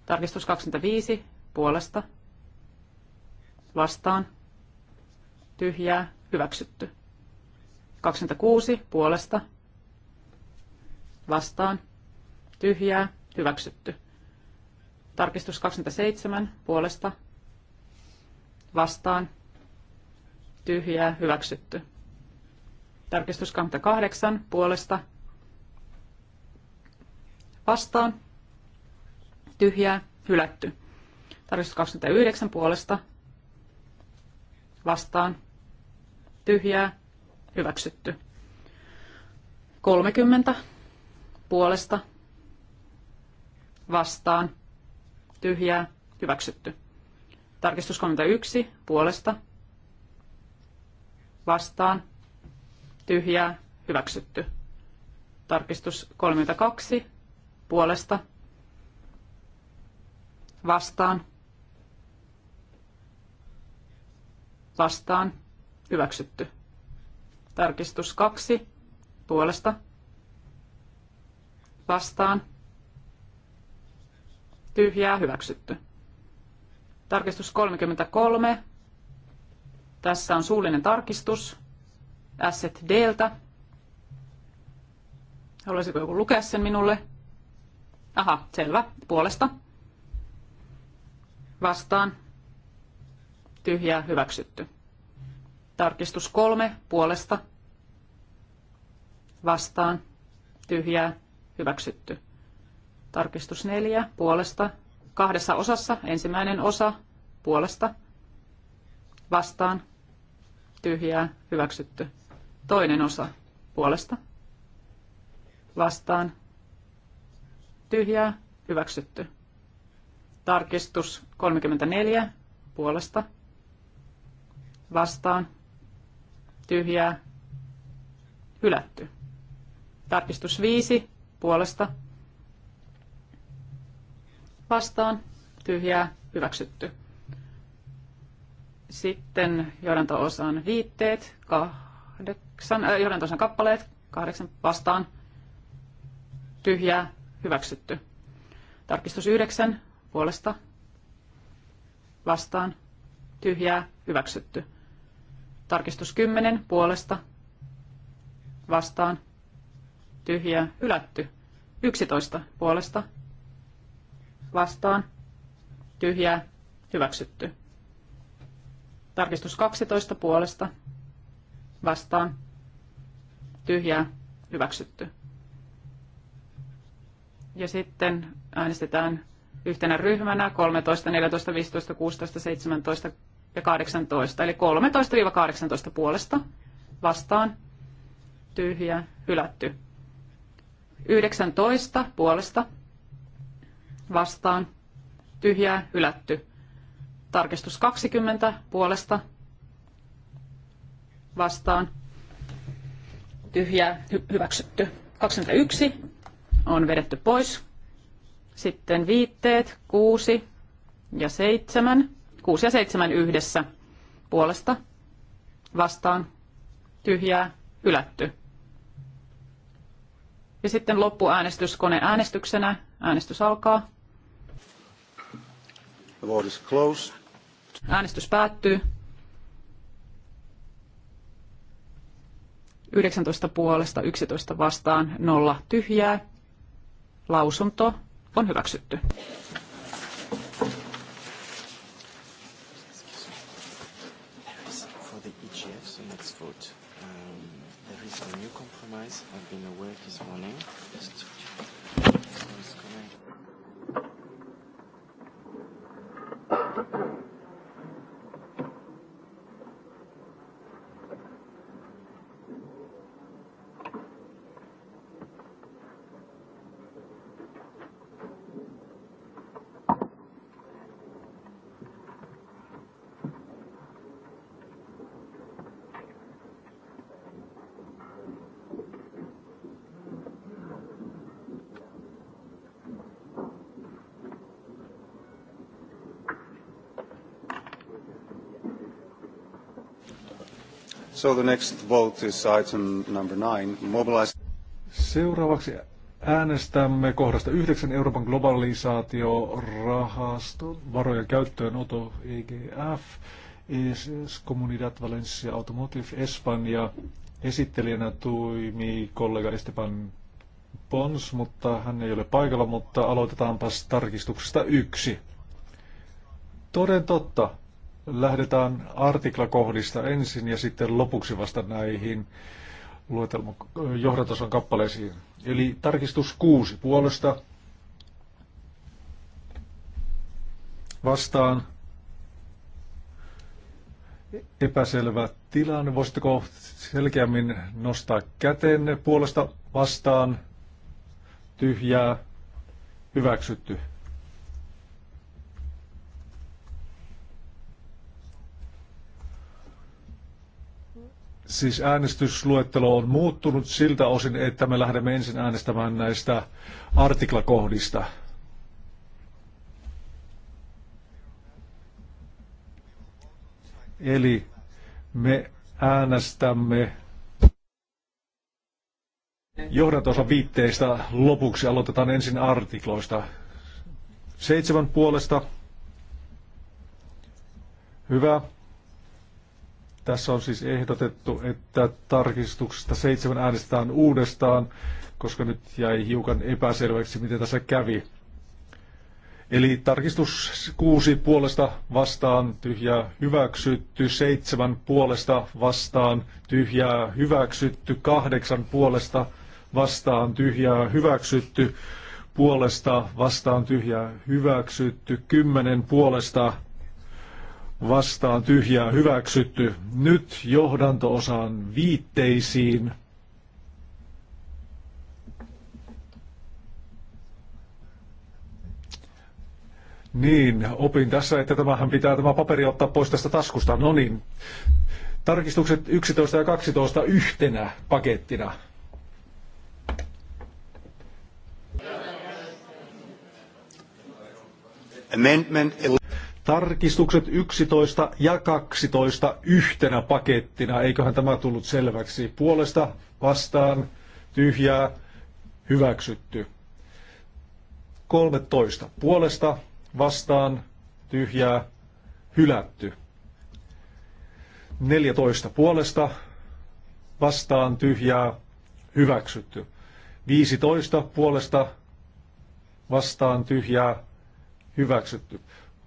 Tarkistus 25, puolesta, vastaan, tyhjää, hyväksytty. 26, puolesta, vastaan, tyhjää, hyväksytty. Tarkistus 27, puolesta, vastaan, tyhjää, hyväksytty. Tarkistus kahdeksan puolesta, vastaan, tyhjää, hylätty. Tarkistus 29 puolesta, vastaan, tyhjää, hyväksytty. 30 puolesta, vastaan, tyhjää, hyväksytty. Tarkistus 31 puolesta vastaan tyhjää hyväksytty. Tarkistus 32 puolesta vastaan vastaan hyväksytty. Tarkistus 2 puolesta vastaan tyhjää hyväksytty. Tarkistus 33. Tässä on suullinen tarkistus Asset Dltä. Haluaisiko joku lukea sen minulle? Aha, selvä. Puolesta. Vastaan. Tyhjää hyväksytty. Tarkistus kolme puolesta. Vastaan. Tyhjää hyväksytty. Tarkistus neljä puolesta kahdessa osassa. Ensimmäinen osa puolesta vastaan tyhjää hyväksytty. Toinen osa puolesta vastaan tyhjää hyväksytty. Tarkistus 34 puolesta vastaan tyhjää hylätty. Tarkistus 5 puolesta vastaan, tyhjää, hyväksytty. Sitten johdanto-osan viitteet, kahdeksan, äh, johdanto-osan kappaleet, kahdeksan vastaan, tyhjää, hyväksytty. Tarkistus yhdeksän, puolesta, vastaan, tyhjää, hyväksytty. Tarkistus kymmenen, puolesta, vastaan, tyhjää, hylätty. 11 puolesta, vastaan, tyhjää, hyväksytty. Tarkistus 12 puolesta, vastaan, tyhjää, hyväksytty. Ja sitten äänestetään yhtenä ryhmänä 13, 14, 15, 16, 17 ja 18. Eli 13-18 puolesta vastaan, tyhjää, hylätty. 19 puolesta vastaan, tyhjää, hylätty. Tarkistus 20 puolesta vastaan, tyhjää, hy- hyväksytty. 21 on vedetty pois. Sitten viitteet 6 ja 7. 6 ja 7 yhdessä puolesta vastaan, tyhjää, hylätty. Ja sitten loppuäänestys koneäänestyksenä. Äänestys alkaa. The vote is closed. Äänestys päättyy. 19 puolesta, 11 vastaan, 0 tyhjää. Lausunto on hyväksytty. compromise. I've been awake this morning. So the next vote is item number nine, mobilize... Seuraavaksi äänestämme kohdasta 9 Euroopan globalisaatiorahaston varojen käyttöönoto EGF, ESS, Comunidad Valencia Automotive Espanja. Esittelijänä toimii kollega Esteban Pons, mutta hän ei ole paikalla, mutta aloitetaanpas tarkistuksesta yksi. Toden totta, lähdetään artiklakohdista ensin ja sitten lopuksi vasta näihin johdatason kappaleisiin. Eli tarkistus kuusi puolesta vastaan epäselvä tilanne. Voisitteko selkeämmin nostaa kätenne puolesta vastaan tyhjää hyväksytty? Siis äänestysluettelo on muuttunut siltä osin, että me lähdemme ensin äänestämään näistä artiklakohdista. Eli me äänestämme johdantosa viitteistä lopuksi. Aloitetaan ensin artikloista. Seitsemän puolesta. Hyvä. Tässä on siis ehdotettu, että tarkistuksesta seitsemän äänestetään uudestaan, koska nyt jäi hiukan epäselväksi, miten tässä kävi. Eli tarkistus kuusi puolesta vastaan tyhjää hyväksytty, seitsemän puolesta vastaan tyhjää hyväksytty, kahdeksan puolesta vastaan tyhjää hyväksytty, puolesta vastaan tyhjää hyväksytty, kymmenen puolesta vastaan tyhjää hyväksytty. Nyt johdanto-osaan viitteisiin. Niin, opin tässä, että tämähän pitää tämä paperi ottaa pois tästä taskusta. No niin, tarkistukset 11 ja 12 yhtenä pakettina. Amendment 11. Tarkistukset 11 ja 12 yhtenä pakettina, eiköhän tämä tullut selväksi. Puolesta vastaan tyhjää hyväksytty. 13 puolesta vastaan tyhjää hylätty. 14 puolesta vastaan tyhjää hyväksytty. 15 puolesta vastaan tyhjää hyväksytty.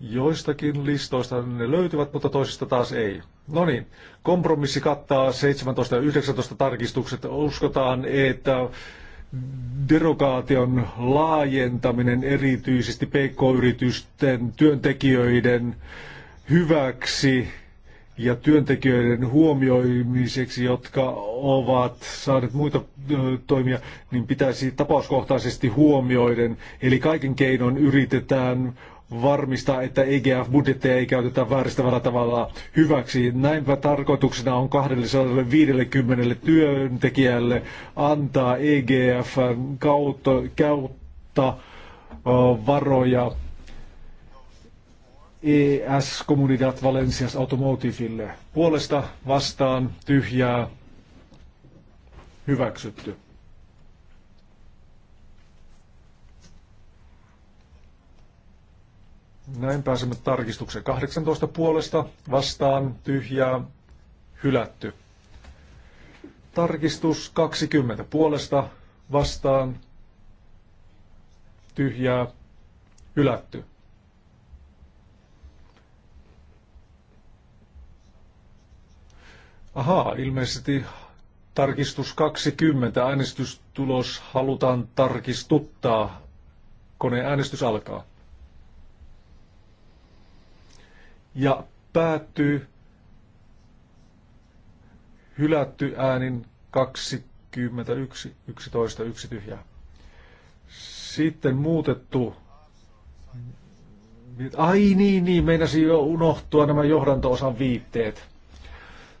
Joistakin listoista ne löytyvät, mutta toisista taas ei. No niin, kompromissi kattaa 17 ja 19 tarkistukset. Uskotaan, että derogaation laajentaminen erityisesti pk-yritysten työntekijöiden hyväksi ja työntekijöiden huomioimiseksi, jotka ovat saaneet muita toimia, niin pitäisi tapauskohtaisesti huomioiden. Eli kaiken keinon yritetään varmistaa, että EGF-budjetteja ei käytetä vääristävällä tavalla hyväksi. Näinpä tarkoituksena on 250 työntekijälle antaa EGF kautta, kautta varoja ES Comunidad Valencias Automotiville. Puolesta vastaan tyhjää hyväksytty. Näin pääsemme tarkistukseen 18 puolesta vastaan tyhjää hylätty. Tarkistus 20 puolesta vastaan tyhjää hylätty. Ahaa, ilmeisesti tarkistus 20. Äänestystulos halutaan tarkistuttaa. Koneen äänestys alkaa. ja päättyy hylätty äänin 21, 11, 1 tyhjää. Sitten muutettu. Ai niin, niin, meinasi jo unohtua nämä johdantoosan viitteet.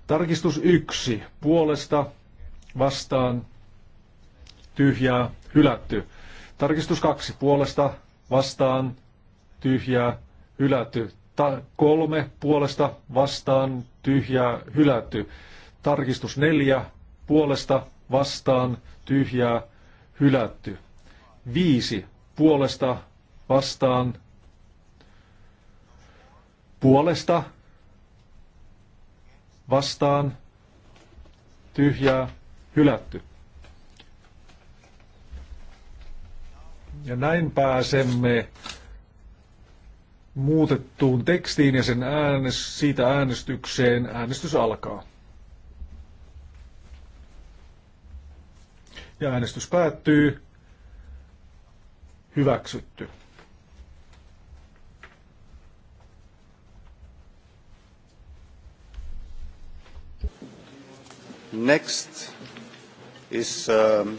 Tarkistus 1. Puolesta vastaan tyhjää hylätty. Tarkistus 2. Puolesta vastaan tyhjää hylätty kolme puolesta vastaan tyhjää hylätty. Tarkistus neljä puolesta vastaan tyhjää hylätty. Viisi puolesta vastaan puolesta vastaan tyhjää hylätty. Ja näin pääsemme muutettuun tekstiin ja sen äänes, siitä äänestykseen äänestys alkaa. Ja äänestys päättyy. Hyväksytty. Next is um,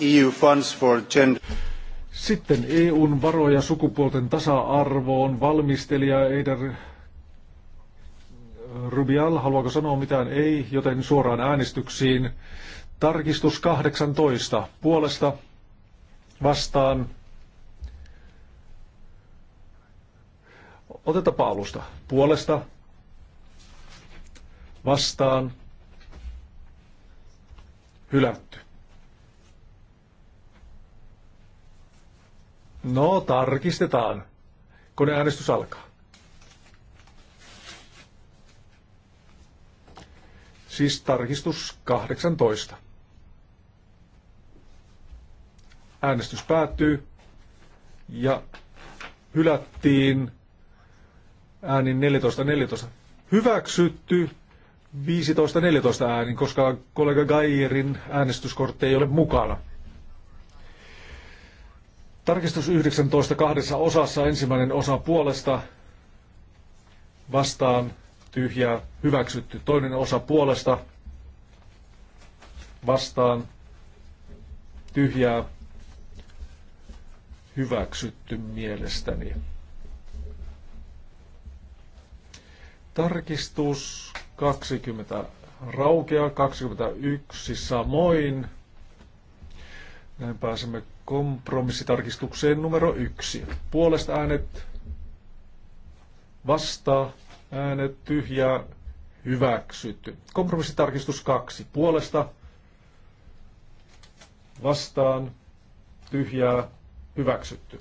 EU funds for gender sitten EUn varoja sukupuolten tasa-arvoon. Valmistelija Eider Rubial, haluaako sanoa mitään? Ei, joten suoraan äänestyksiin. Tarkistus 18. Puolesta vastaan. Otetaanpa alusta. Puolesta vastaan. Hylätty. No, tarkistetaan. Koneäänestys alkaa. Siis tarkistus 18. Äänestys päättyy ja hylättiin äänin 14-14. Hyväksytty 15-14 äänin, koska kollega Gairin äänestyskortti ei ole mukana. Tarkistus 19 kahdessa osassa, ensimmäinen osa puolesta vastaan tyhjää hyväksytty, toinen osa puolesta vastaan tyhjää hyväksytty mielestäni. Tarkistus 20 raukea, 21 samoin. Näin pääsemme kompromissitarkistukseen numero yksi. Puolesta äänet vastaa, äänet tyhjää, hyväksytty. Kompromissitarkistus kaksi. Puolesta vastaan, tyhjää, hyväksytty.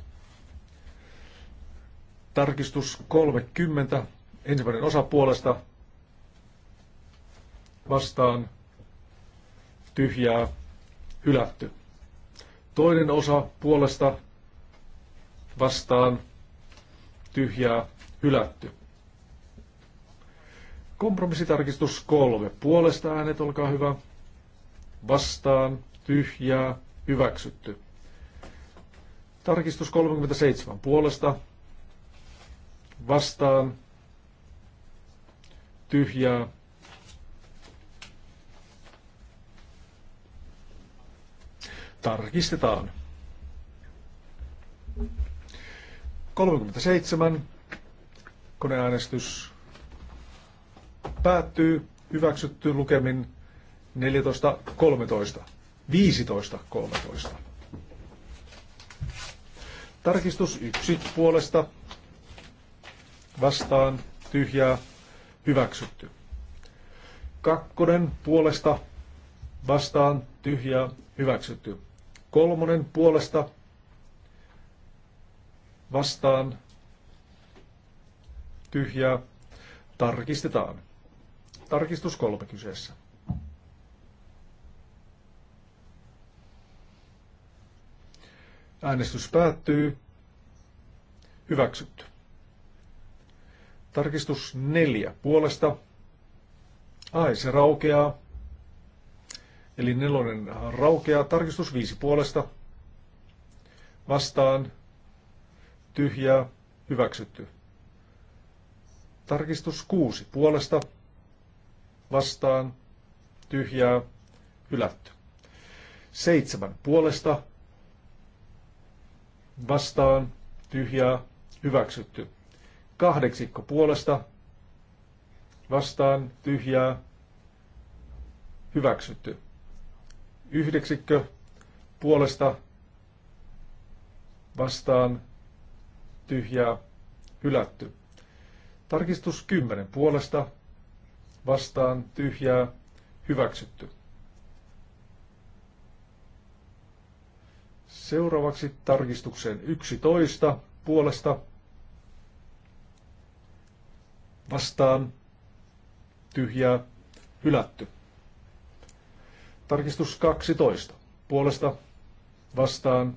Tarkistus 30, ensimmäinen osa puolesta vastaan, tyhjää, hylätty. Toinen osa puolesta vastaan tyhjää hylätty. Kompromissitarkistus kolme. Puolesta äänet, olkaa hyvä. Vastaan, tyhjää, hyväksytty. Tarkistus 37. Puolesta, vastaan, tyhjää, Tarkistetaan. 37. Koneäänestys päättyy. Hyväksytty lukemin 14, 13. 15, 13. Tarkistus 1 puolesta vastaan tyhjää hyväksytty. Kakkonen puolesta vastaan tyhjää hyväksytty. Kolmonen puolesta vastaan tyhjää tarkistetaan. Tarkistus kolme kyseessä. Äänestys päättyy. Hyväksytty. Tarkistus neljä puolesta. Ai, se raukeaa. Eli nelonen raukeaa. Tarkistus viisi puolesta. Vastaan. Tyhjää. Hyväksytty. Tarkistus kuusi puolesta. Vastaan. Tyhjää. Hylätty. Seitsemän puolesta. Vastaan. Tyhjää. Hyväksytty. Kahdeksikko puolesta. Vastaan. Tyhjää. Hyväksytty yhdeksikkö puolesta vastaan tyhjää hylätty. Tarkistus 10 puolesta vastaan tyhjää hyväksytty. Seuraavaksi tarkistukseen 11 puolesta vastaan tyhjää hylätty. Tarkistus 12. Puolesta vastaan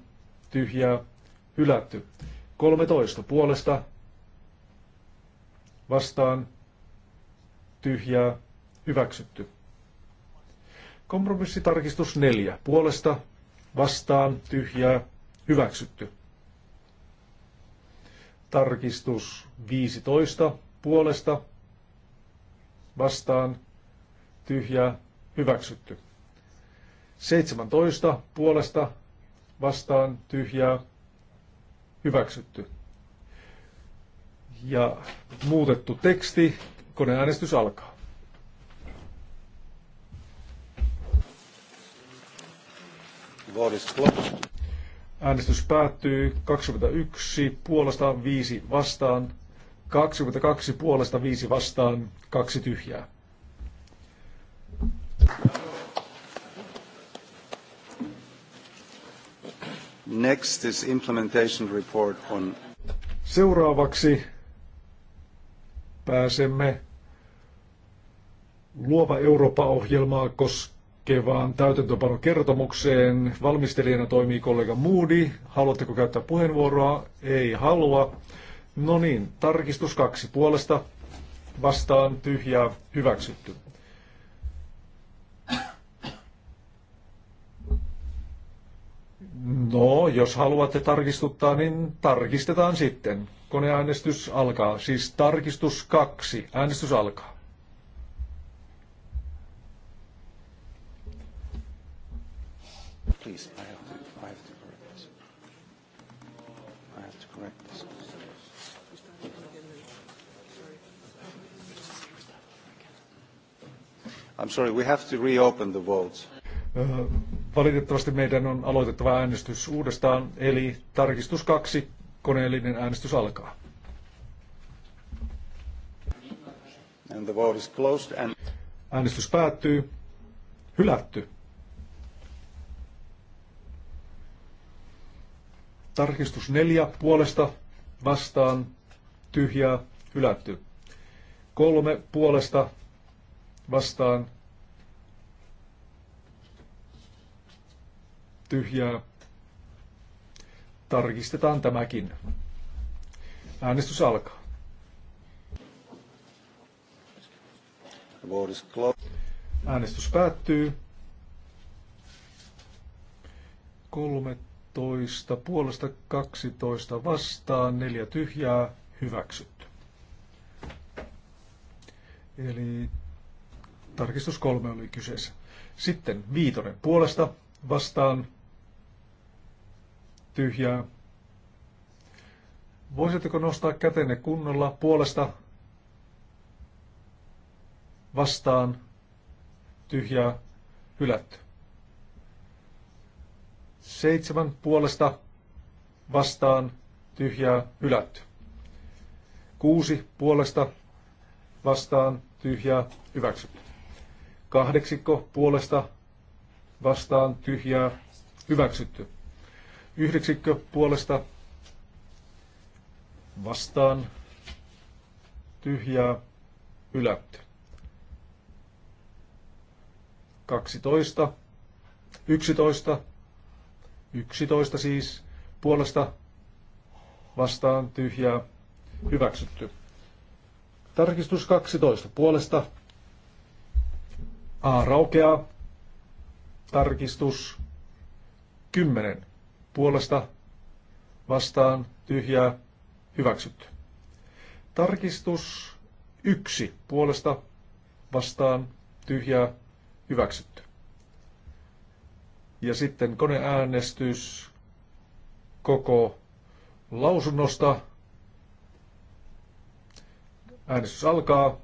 tyhjää hylätty. 13. Puolesta vastaan tyhjää hyväksytty. Kompromissitarkistus 4. Puolesta vastaan tyhjää hyväksytty. Tarkistus 15. Puolesta vastaan tyhjää hyväksytty. 17 puolesta vastaan tyhjää hyväksytty. Ja muutettu teksti, koneäänestys alkaa. Äänestys päättyy 21 puolesta 5 vastaan, 22 puolesta 5 vastaan, kaksi tyhjää. Next is implementation report on... Seuraavaksi pääsemme Luova Eurooppa-ohjelmaa koskevaan täytäntöönpanokertomukseen. Valmistelijana toimii kollega Moody. Haluatteko käyttää puheenvuoroa? Ei halua. No niin, tarkistus kaksi puolesta vastaan tyhjää hyväksytty. No, jos haluatte tarkistuttaa, niin tarkistetaan sitten. Koneäänestys alkaa, siis tarkistus kaksi. Äänestys alkaa. Please, I have to, I have to correct this. I have to correct this. I'm sorry, we have to reopen the votes. Valitettavasti meidän on aloitettava äänestys uudestaan, eli tarkistus kaksi, koneellinen äänestys alkaa. And the vote is closed and... Äänestys päättyy. Hylätty. Tarkistus neljä puolesta vastaan tyhjää hylätty. Kolme puolesta vastaan tyhjää. Tarkistetaan tämäkin. Äänestys alkaa. Äänestys päättyy. 13 puolesta 12 vastaan, neljä tyhjää, hyväksytty. Eli tarkistus kolme oli kyseessä. Sitten viitonen puolesta vastaan, tyhjää. Voisitteko nostaa kätenne kunnolla puolesta vastaan tyhjää hylätty. Seitsemän puolesta vastaan tyhjää hylätty. Kuusi puolesta vastaan tyhjää hyväksytty. Kahdeksikko puolesta vastaan tyhjää hyväksytty. Yhdeksikkö puolesta vastaan tyhjää ylätty. 12, 11, 11 siis puolesta vastaan tyhjää hyväksytty. Tarkistus 12 puolesta A raukeaa. Tarkistus 10 puolesta vastaan tyhjää hyväksytty. Tarkistus 1 puolesta vastaan tyhjää hyväksytty. Ja sitten koneäänestys koko lausunnosta. Äänestys alkaa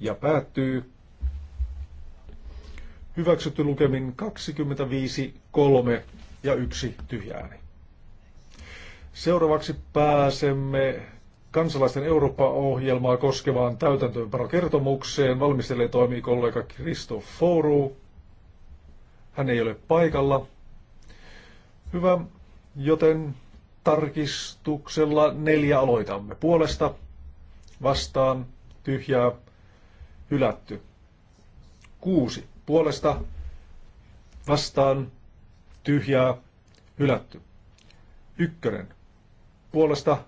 ja päättyy. Hyväksytty lukemin 25 kolme ja yksi tyhjääni. Seuraavaksi pääsemme kansalaisten Eurooppa-ohjelmaa koskevaan täytäntöönpanokertomukseen. Valmistelee toimii kollega Kristo Foru. Hän ei ole paikalla. Hyvä, joten tarkistuksella neljä aloitamme. Puolesta, vastaan, tyhjää, hylätty. Kuusi. Puolesta, vastaan, tyhjää, hylätty. Ykkönen, puolesta,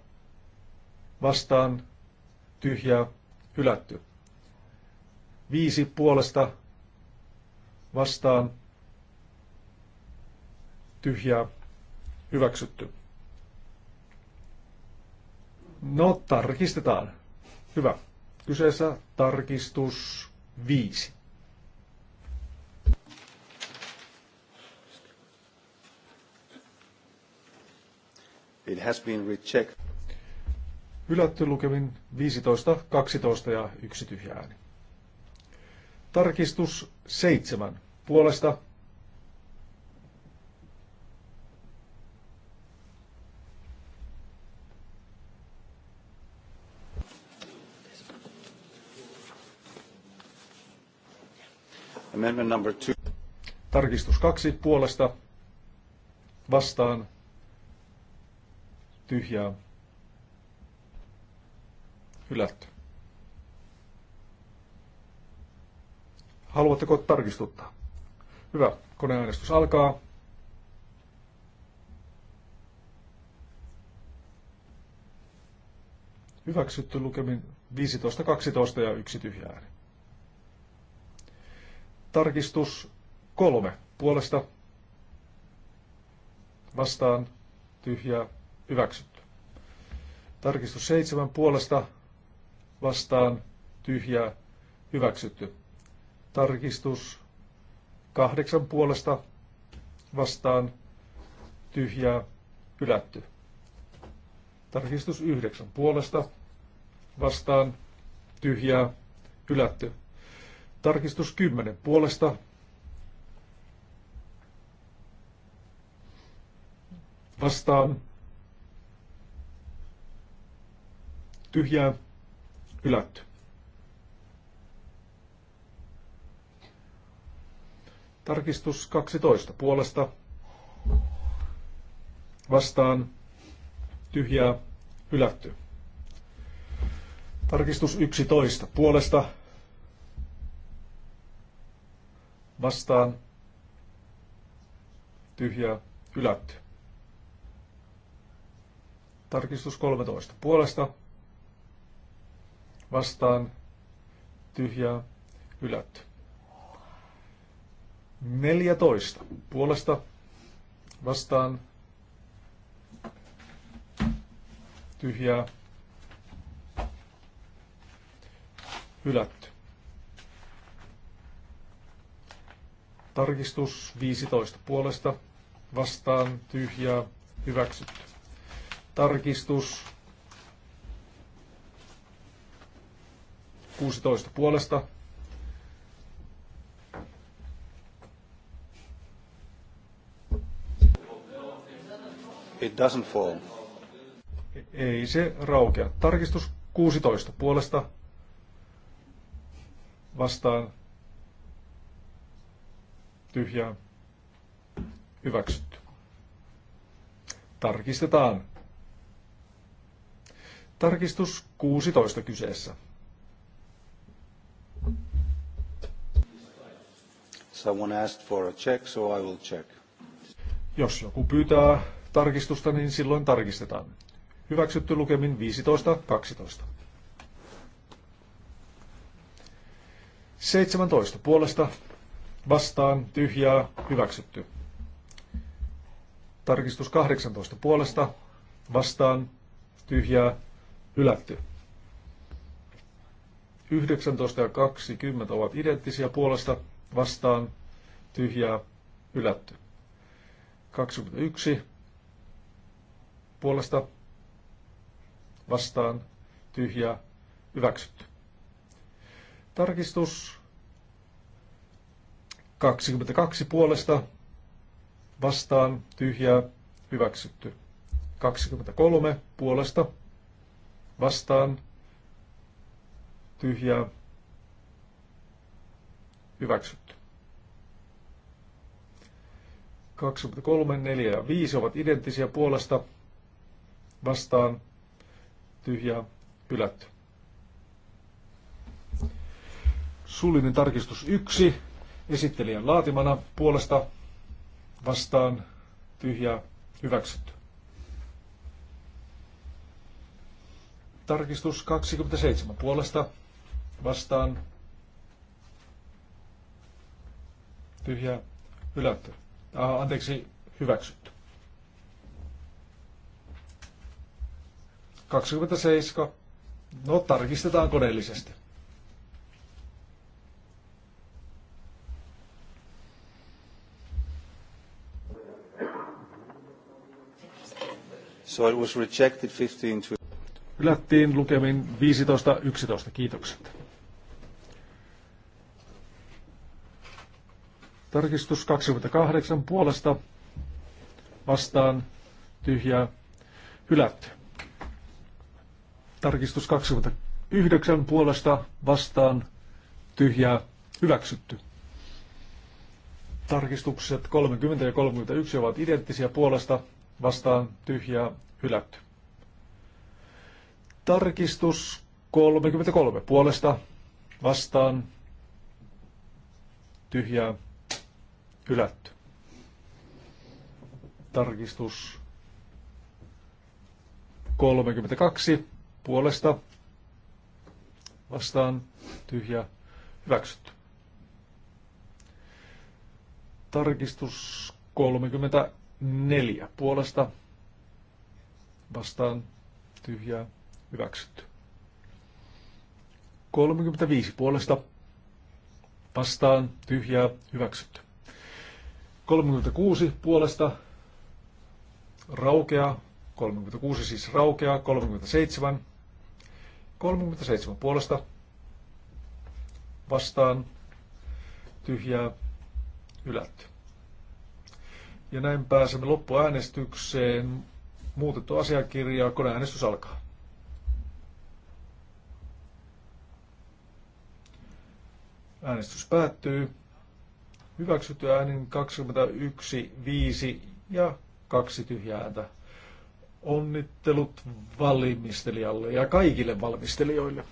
vastaan, tyhjää, hylätty. Viisi puolesta, vastaan, tyhjää, hyväksytty. No, tarkistetaan. Hyvä. Kyseessä tarkistus viisi. It has been rejected. Hylätty lukemin 15, 12 ja yksi tyhjä ääni. Tarkistus 7. Puolesta Amendment number two. Tarkistus kaksi puolesta vastaan tyhjää hylätty. Haluatteko tarkistuttaa? Hyvä, koneäänestys alkaa. Hyväksytty lukemin 15, 12 ja yksi tyhjä ääni. Tarkistus kolme puolesta vastaan tyhjää hyväksytty. Tarkistus seitsemän puolesta vastaan tyhjää hyväksytty. Tarkistus kahdeksan puolesta vastaan tyhjää hylätty. Tarkistus yhdeksän puolesta vastaan tyhjää hylätty. Tarkistus kymmenen puolesta vastaan tyhjää, hylätty. Tarkistus 12 puolesta vastaan tyhjää hylätty. Tarkistus 11 puolesta vastaan tyhjää hylätty. Tarkistus 13 puolesta vastaan tyhjää ylät. 14 puolesta vastaan tyhjää hylätty. Tarkistus 15 puolesta vastaan tyhjää hyväksytty. Tarkistus 16 puolesta. It doesn't fall. Ei se raukea. Tarkistus 16 puolesta vastaan tyhjää hyväksytty. Tarkistetaan. Tarkistus 16 kyseessä. Someone asked for a check, so I will check. Jos joku pyytää tarkistusta, niin silloin tarkistetaan. Hyväksytty lukemin 15.12. 17 puolesta vastaan tyhjää hyväksytty. Tarkistus 18 puolesta vastaan tyhjää hylätty. 19 ja 20 ovat identtisiä puolesta vastaan tyhjää hylätty. 21 puolesta vastaan tyhjää hyväksytty. Tarkistus 22 puolesta vastaan tyhjää hyväksytty. 23 puolesta vastaan tyhjää Hyväksytty. 23, 4 ja 5 ovat identtisiä puolesta vastaan tyhjää hylätty. Suullinen tarkistus 1 esittelijän laatimana puolesta vastaan tyhjää hyväksytty. Tarkistus 27 puolesta vastaan tyhjää hylätty. Äh, anteeksi, hyväksytty. 27. No tarkistetaan koneellisesti. So it was rejected 15 to... Ylättiin lukemin 15.11. Kiitokset. Tarkistus 28 puolesta vastaan tyhjä hylätty. Tarkistus 29 puolesta vastaan tyhjä hyväksytty. Tarkistukset 30 ja 31 ovat identtisiä puolesta vastaan tyhjä hylätty. Tarkistus 33 puolesta vastaan tyhjä Hylätty. Tarkistus 32 puolesta vastaan tyhjä hyväksytty. Tarkistus 34 puolesta vastaan tyhjä hyväksytty. 35 puolesta vastaan tyhjä hyväksytty. 36 puolesta raukeaa, 36 siis raukeaa, 37, 37 puolesta vastaan tyhjää ylätty. Ja näin pääsemme loppuäänestykseen. Muutettu asiakirja, koneäänestys alkaa. Äänestys päättyy. Hyväksytty äänin 21, 5 ja kaksi tyhjää ääntä. Onnittelut valmistelijalle ja kaikille valmistelijoille.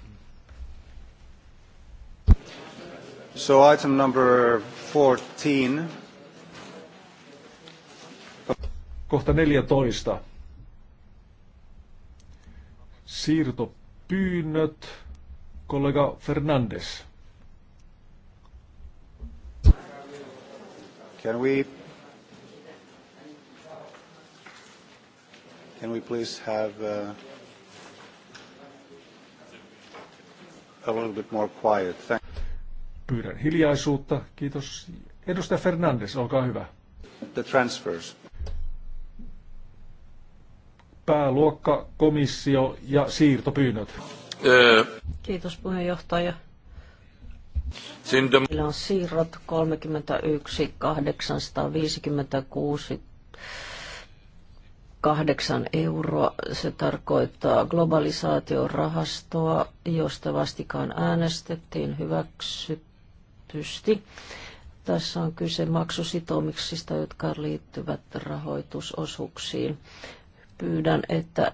So item number 14. Kohta 14. Siirtopyynnöt. Kollega Fernandes. Can we Can we please have uh, a little bit more quiet? Thank Pyydän hiljaisuutta. Kiitos. Edustaja Fernandes, olkaa hyvä. The transfers. Pääluokka, komissio ja siirtopyynnöt. Kiitos puheenjohtaja. Meillä on siirrot 31, 856, 8 euroa. Se tarkoittaa rahastoa, josta vastikaan äänestettiin hyväksytysti. Tässä on kyse maksusitoumuksista, jotka liittyvät rahoitusosuuksiin. Pyydän, että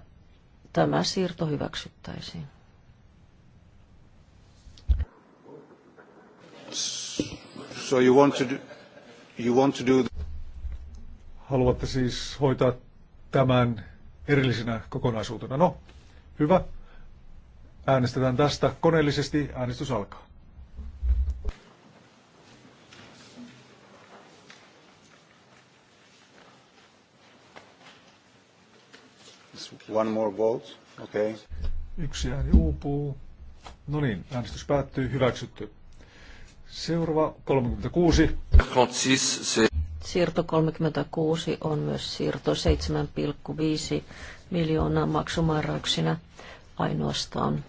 tämä siirto hyväksyttäisiin. So you want to do, you want to do the... Haluatte siis hoitaa tämän erillisenä kokonaisuutena. No, hyvä. Äänestetään tästä koneellisesti. Äänestys alkaa. One more vote. Okay. Yksi ääni uupuu. No niin, äänestys päättyy. Hyväksytty. Seuraava 36. Siirto 36 on myös siirto 7,5 miljoonaa maksumääräyksinä ainoastaan.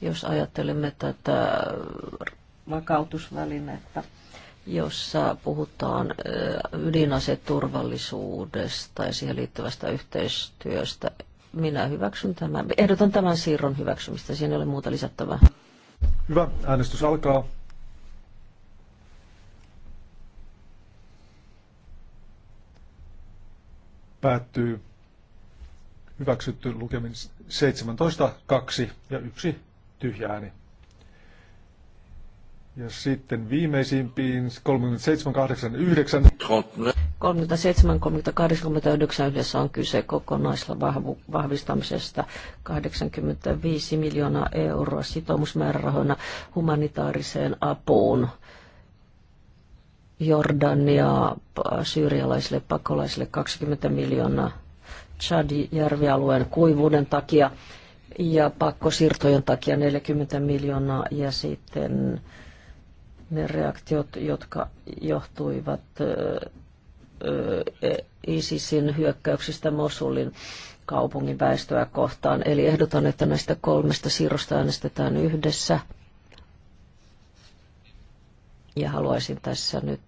Jos ajattelemme tätä vakautusvälinettä, jossa puhutaan ydinaseturvallisuudesta ja siihen liittyvästä yhteistyöstä. Minä hyväksyn tämän. Ehdotan tämän siirron hyväksymistä. Siinä ei ole muuta lisättävää. Hyvä, äänestys alkaa. Päättyy hyväksytty lukemin 17, 2 ja 1 tyhjä ääni. Ja sitten viimeisimpiin 37, 8, 9. 37, 38, 39 yhdessä on kyse kokonaisella vahvistamisesta 85 miljoonaa euroa sitoumusmäärärahoina humanitaariseen apuun Jordania syyrialaisille pakolaisille 20 miljoonaa Chadin järvialueen kuivuuden takia ja pakkosiirtojen takia 40 miljoonaa ja sitten ne reaktiot, jotka johtuivat E, ISISin hyökkäyksistä Mosulin kaupungin väestöä kohtaan. Eli ehdotan, että näistä kolmesta siirrosta äänestetään yhdessä. Ja haluaisin tässä nyt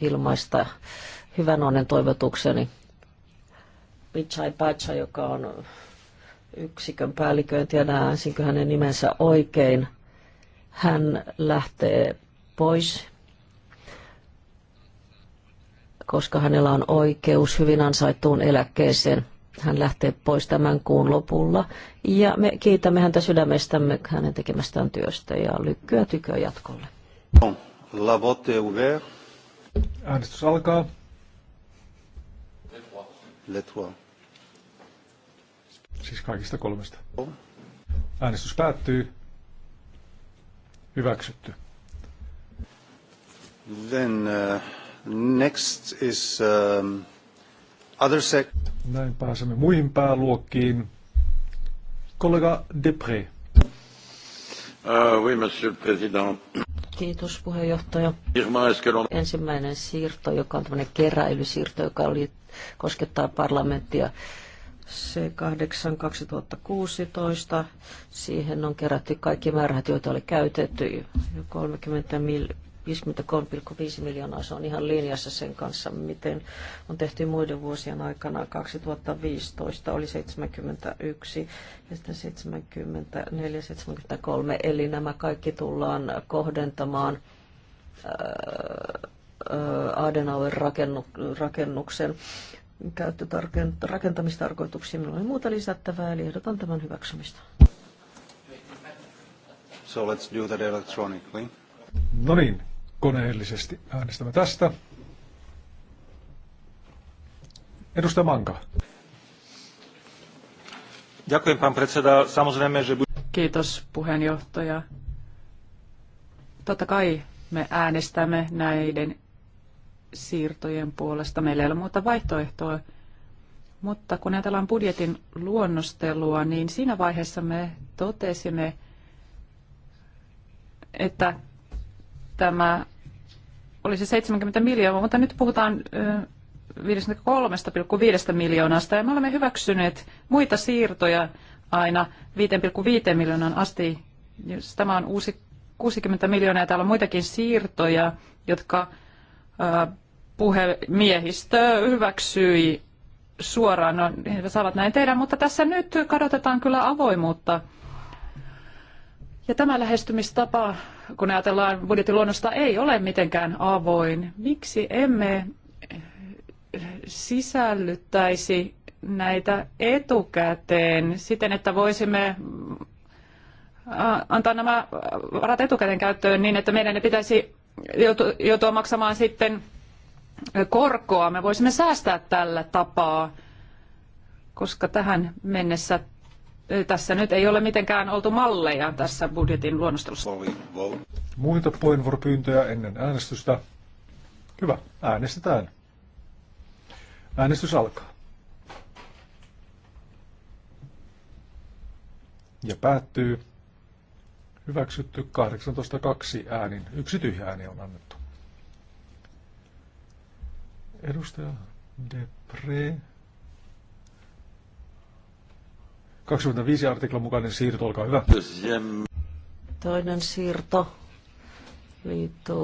ilmaista hyvän onnen toivotukseni Pichai Pacha, joka on yksikön päällikkö, en tiedä hänen nimensä oikein. Hän lähtee pois koska hänellä on oikeus hyvin ansaittuun eläkkeeseen. Hän lähtee pois tämän kuun lopulla ja me kiitämme häntä sydämestämme hänen tekemästään työstä ja lykkyä tyköä jatkolle. La vote Äänestys alkaa. Le trois. Siis kaikista kolmesta. Äänestys päättyy. Hyväksytty. Then, uh... Next is um, other sec- Näin pääsemme muihin pääluokkiin. Kollega Depre. Uh, oui, monsieur le président. Kiitos puheenjohtaja. Ensimmäinen siirto, joka on tämmöinen keräilysiirto, joka oli, koskettaa parlamenttia. C8 2016. Siihen on kerätty kaikki määrät, joita oli käytetty, 30 mil- 53,5 miljoonaa, se on ihan linjassa sen kanssa, miten on tehty muiden vuosien aikana. 2015 oli 71 ja sitten 74, 73, eli nämä kaikki tullaan kohdentamaan Adenauer rakennuksen käyttötarkentamistarkoituksiin. Minulla oli muuta lisättävää, eli ehdotan tämän hyväksymistä. So let's do that electronically. No niin, koneellisesti. Äänestämme tästä. Edustaja Manka. Kiitos, puheenjohtaja. Totta kai me äänestämme näiden siirtojen puolesta. Meillä ei ole muuta vaihtoehtoa. Mutta kun ajatellaan budjetin luonnostelua, niin siinä vaiheessa me totesimme, että tämä olisi 70 miljoonaa, mutta nyt puhutaan 53,5 miljoonasta ja me olemme hyväksyneet muita siirtoja aina 5,5 miljoonan asti. Tämä on uusi 60 miljoonaa ja täällä on muitakin siirtoja, jotka puhemiehistö hyväksyi suoraan. No, he saavat näin tehdä, mutta tässä nyt kadotetaan kyllä avoimuutta ja tämä lähestymistapa, kun ajatellaan budjettiluonnosta, ei ole mitenkään avoin. Miksi emme sisällyttäisi näitä etukäteen siten, että voisimme antaa nämä varat etukäteen käyttöön niin, että meidän ei pitäisi joutua maksamaan sitten korkoa. Me voisimme säästää tällä tapaa, koska tähän mennessä tässä nyt ei ole mitenkään oltu malleja tässä budjetin luonnostelussa. Muita puheenvuoropyyntöjä ennen äänestystä? Hyvä, äänestetään. Äänestys alkaa. Ja päättyy. Hyväksytty 18.2 äänin. Yksi tyhjä ääni on annettu. Edustaja Depre 25 artiklan mukainen siirto, olkaa hyvä. Toinen siirto liittyy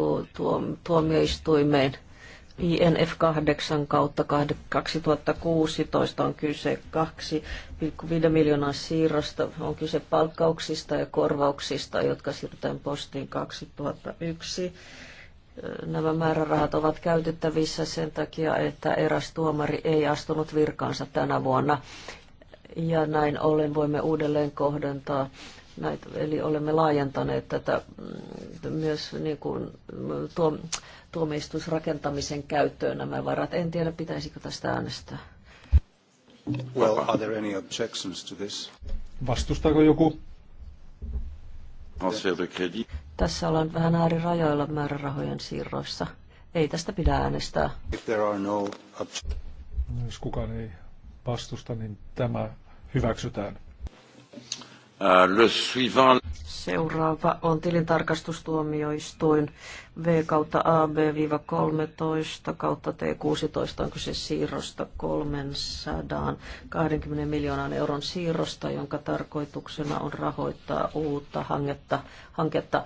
tuomioistuimeen. INF 8 kautta 2016 on kyse 2,5 miljoonaa siirrosta. On kyse palkkauksista ja korvauksista, jotka siirretään postiin 2001. Nämä määrärahat ovat käytettävissä sen takia, että eräs tuomari ei astunut virkaansa tänä vuonna ja näin ollen voimme uudelleen kohdentaa näitä, eli olemme laajentaneet tätä mm, myös niin kuin, mm, tuo, tuomioistuusrakentamisen käyttöön nämä varat. En tiedä, pitäisikö tästä äänestää. Well, are there any objections to this? Vastustaako joku? Tässä ollaan vähän äärirajoilla määrärahojen siirroissa. Ei tästä pidä äänestää. If there are no... no jos kukaan ei vastusta, niin tämä hyväksytään. Äh, Seuraava on tilintarkastustuomioistuin V kautta AB-13 kautta T16, onko se siirrosta 320 miljoonan euron siirrosta, jonka tarkoituksena on rahoittaa uutta hanketta, hanketta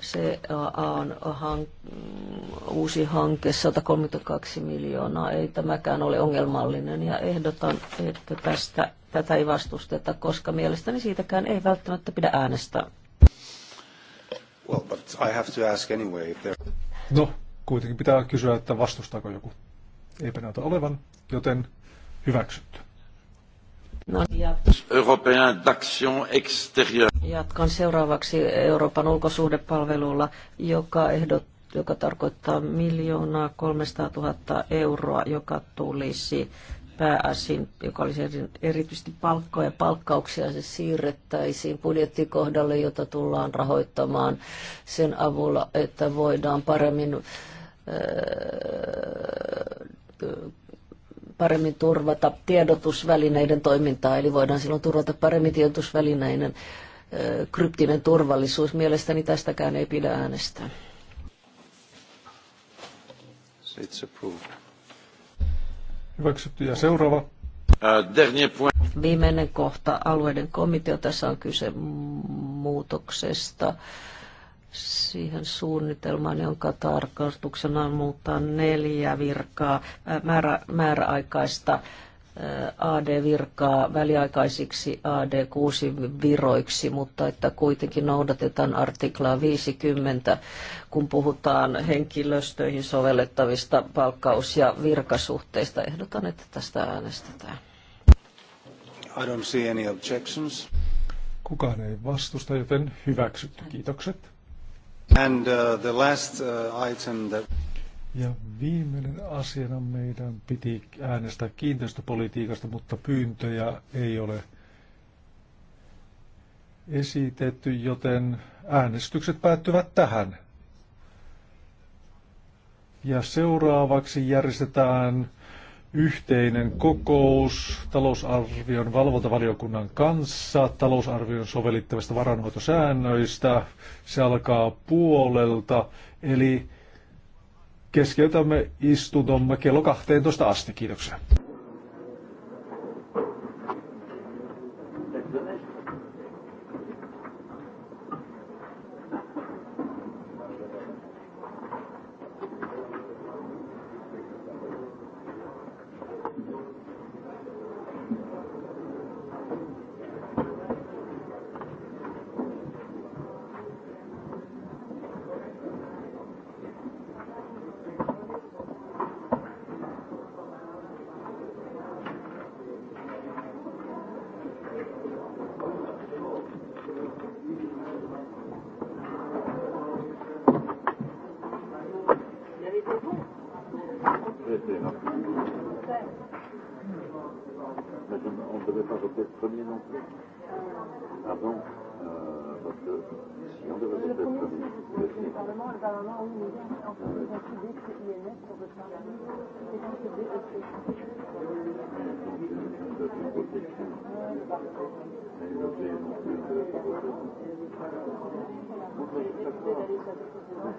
se on hank, mm, uusi hanke, 132 miljoonaa. Ei tämäkään ole ongelmallinen ja ehdotan, että tästä, tätä ei vastusteta, koska mielestäni siitäkään ei välttämättä pidä äänestää. Well, but I have to ask anyway, if there... No, kuitenkin pitää kysyä, että vastustaako joku. Eipä näytä olevan, joten hyväksytty. No, jatkan seuraavaksi Euroopan ulkosuhdepalvelulla, joka ehdottaa joka tarkoittaa miljoonaa 300 000 euroa, joka tulisi pääasiin, joka olisi erityisesti palkkoja ja palkkauksia, se siirrettäisiin budjettikohdalle, jota tullaan rahoittamaan sen avulla, että voidaan paremmin öö, paremmin turvata tiedotusvälineiden toimintaa, eli voidaan silloin turvata paremmin tiedotusvälineiden kryptinen turvallisuus. Mielestäni tästäkään ei pidä äänestää. Hyväksytty ja seuraava. Viimeinen kohta, alueiden komitea. Tässä on kyse muutoksesta siihen suunnitelmaan, jonka tarkoituksena on muuttaa neljä virkaa määrä, määräaikaista AD-virkaa väliaikaisiksi AD6-viroiksi, mutta että kuitenkin noudatetaan artiklaa 50, kun puhutaan henkilöstöihin sovellettavista palkkaus- ja virkasuhteista. Ehdotan, että tästä äänestetään. I don't see any objections. Kukaan ei vastusta, joten hyväksytty. Kiitokset. And, uh, the last, uh, item that... Ja viimeinen asiana meidän piti äänestää kiinteistöpolitiikasta, mutta pyyntöjä ei ole esitetty, joten äänestykset päättyvät tähän. Ja seuraavaksi järjestetään yhteinen kokous talousarvion valvontavaliokunnan kanssa talousarvion sovellittavista varanhoitosäännöistä. Se alkaa puolelta, eli keskeytämme istuntomme kello 12 asti. Kiitoksia.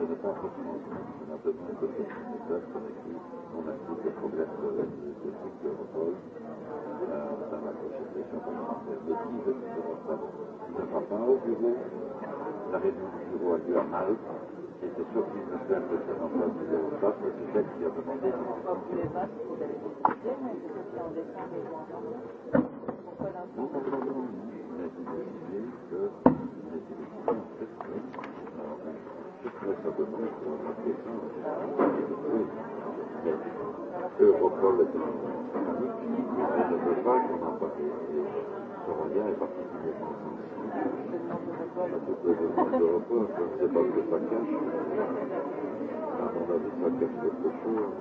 ne devait pas reprendre un peu moins de secteur qu'on a pu, on a pu que progresse le reste de ce qui repose dans la législation parlementaire. Mais qui ne sera pas, ne va pas au bureau, la réunion du bureau a lieu à Malte, et c'est sûr qu'il ne sert de faire en place du bureau parce que c'est celle qui a demandé une Non, non, non, non, on a décidé que, on a décidé en fait que, Europol est en panique, on ne veut pas qu'on en parle. Ce regard est particulièrement sensible à toutes les demandes d'Europol, je ne sais pas ce que ça cache. À mon avis, ça cache quelque chose.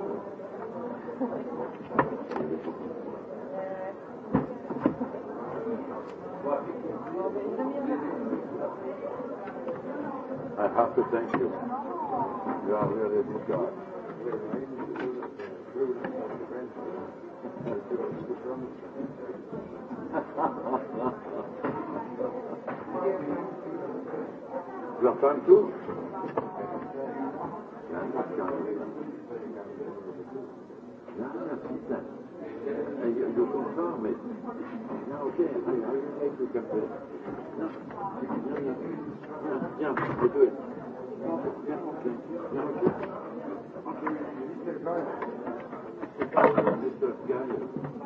Thank you. I have to thank you. You are really a good guy. you have time too? Yeah, I'm not of Yeah, that's je comprends, mais là, ok, je comme ça. Non, viens, viens, je peux. Non, viens, ok, viens, ok. Ok, c'est pas, c'est pas, c'est pas,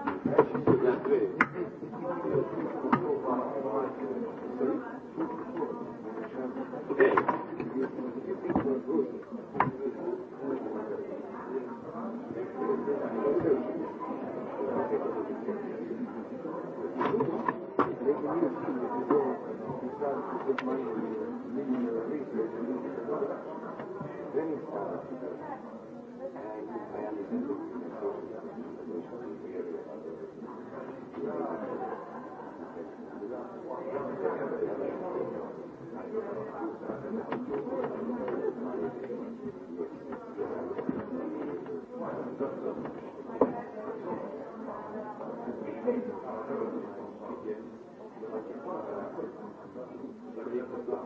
put money in the, in the research and you get the Then he started to do it. And I knew I understood the Thank you.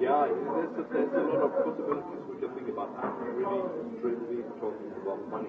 Yeah, there's, a, there's a lot of possibilities we can think about. I'm really, really about money.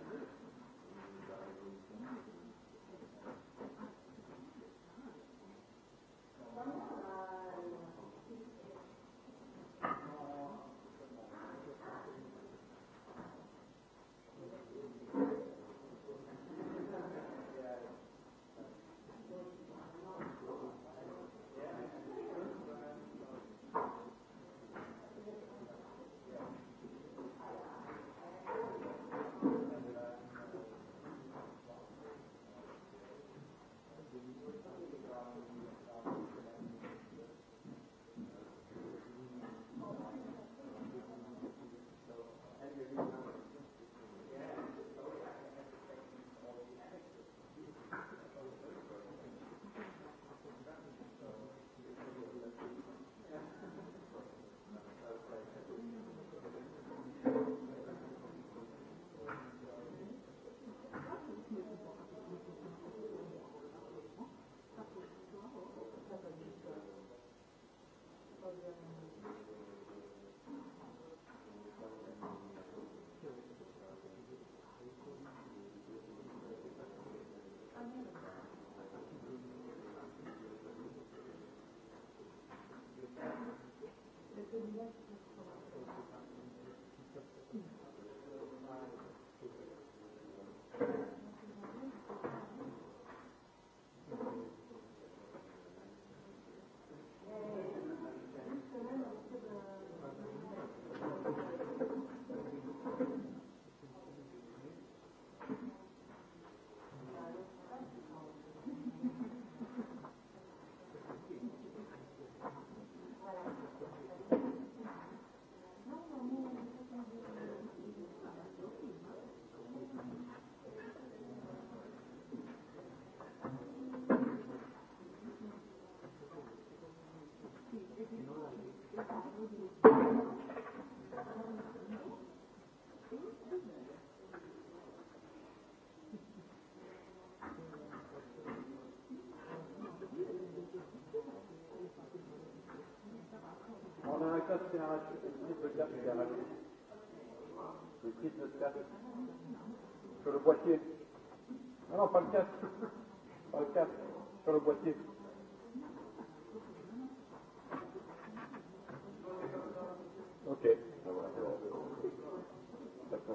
Sur le boîtier. Non, non, pas le casque. Pas le casque. Sur le boîtier.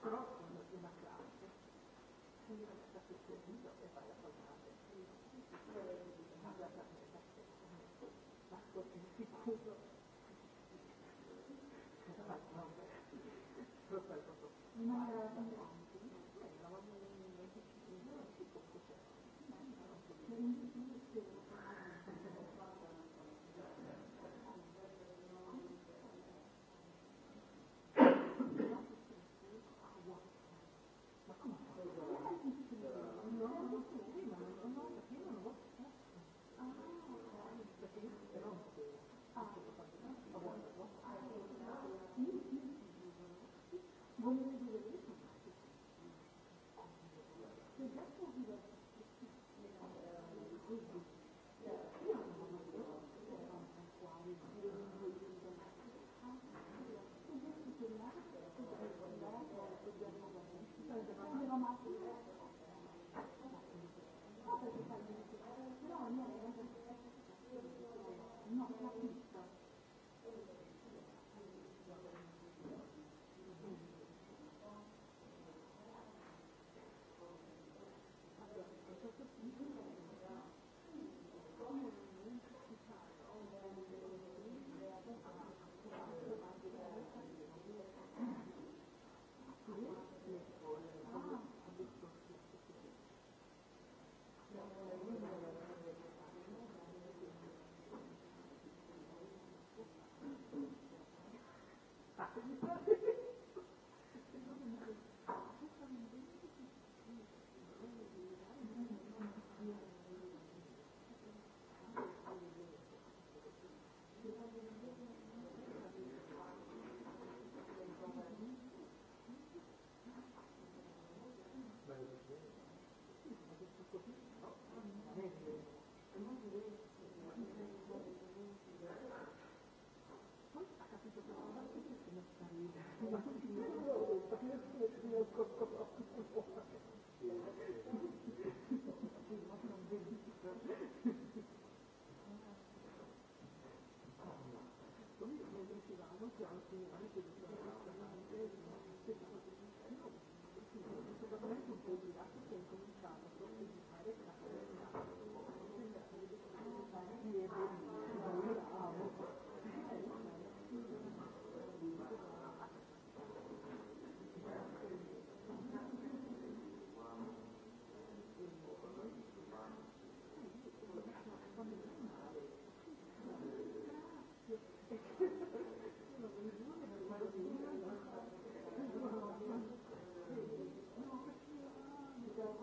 Però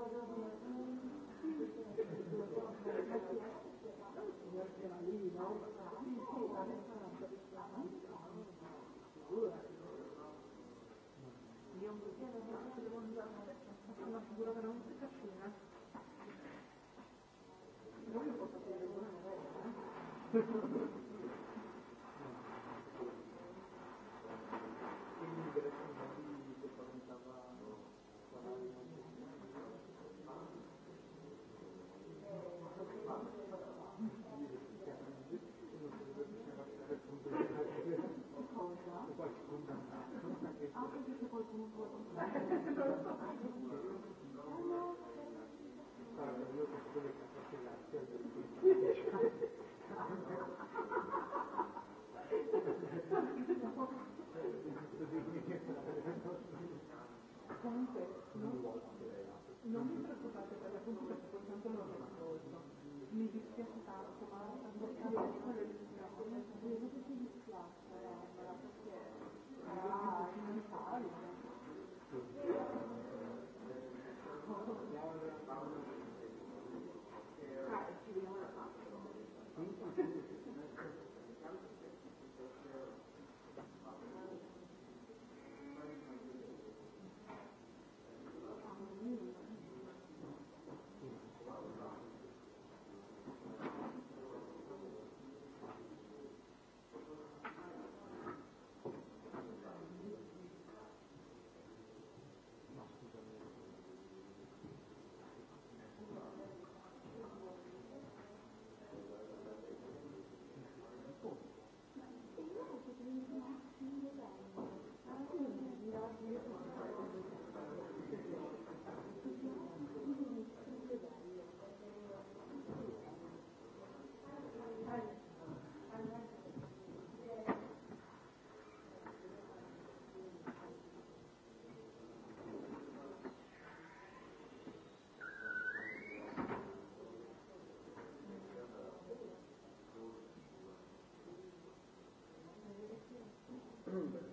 Thank you. Gracias. true. Mm.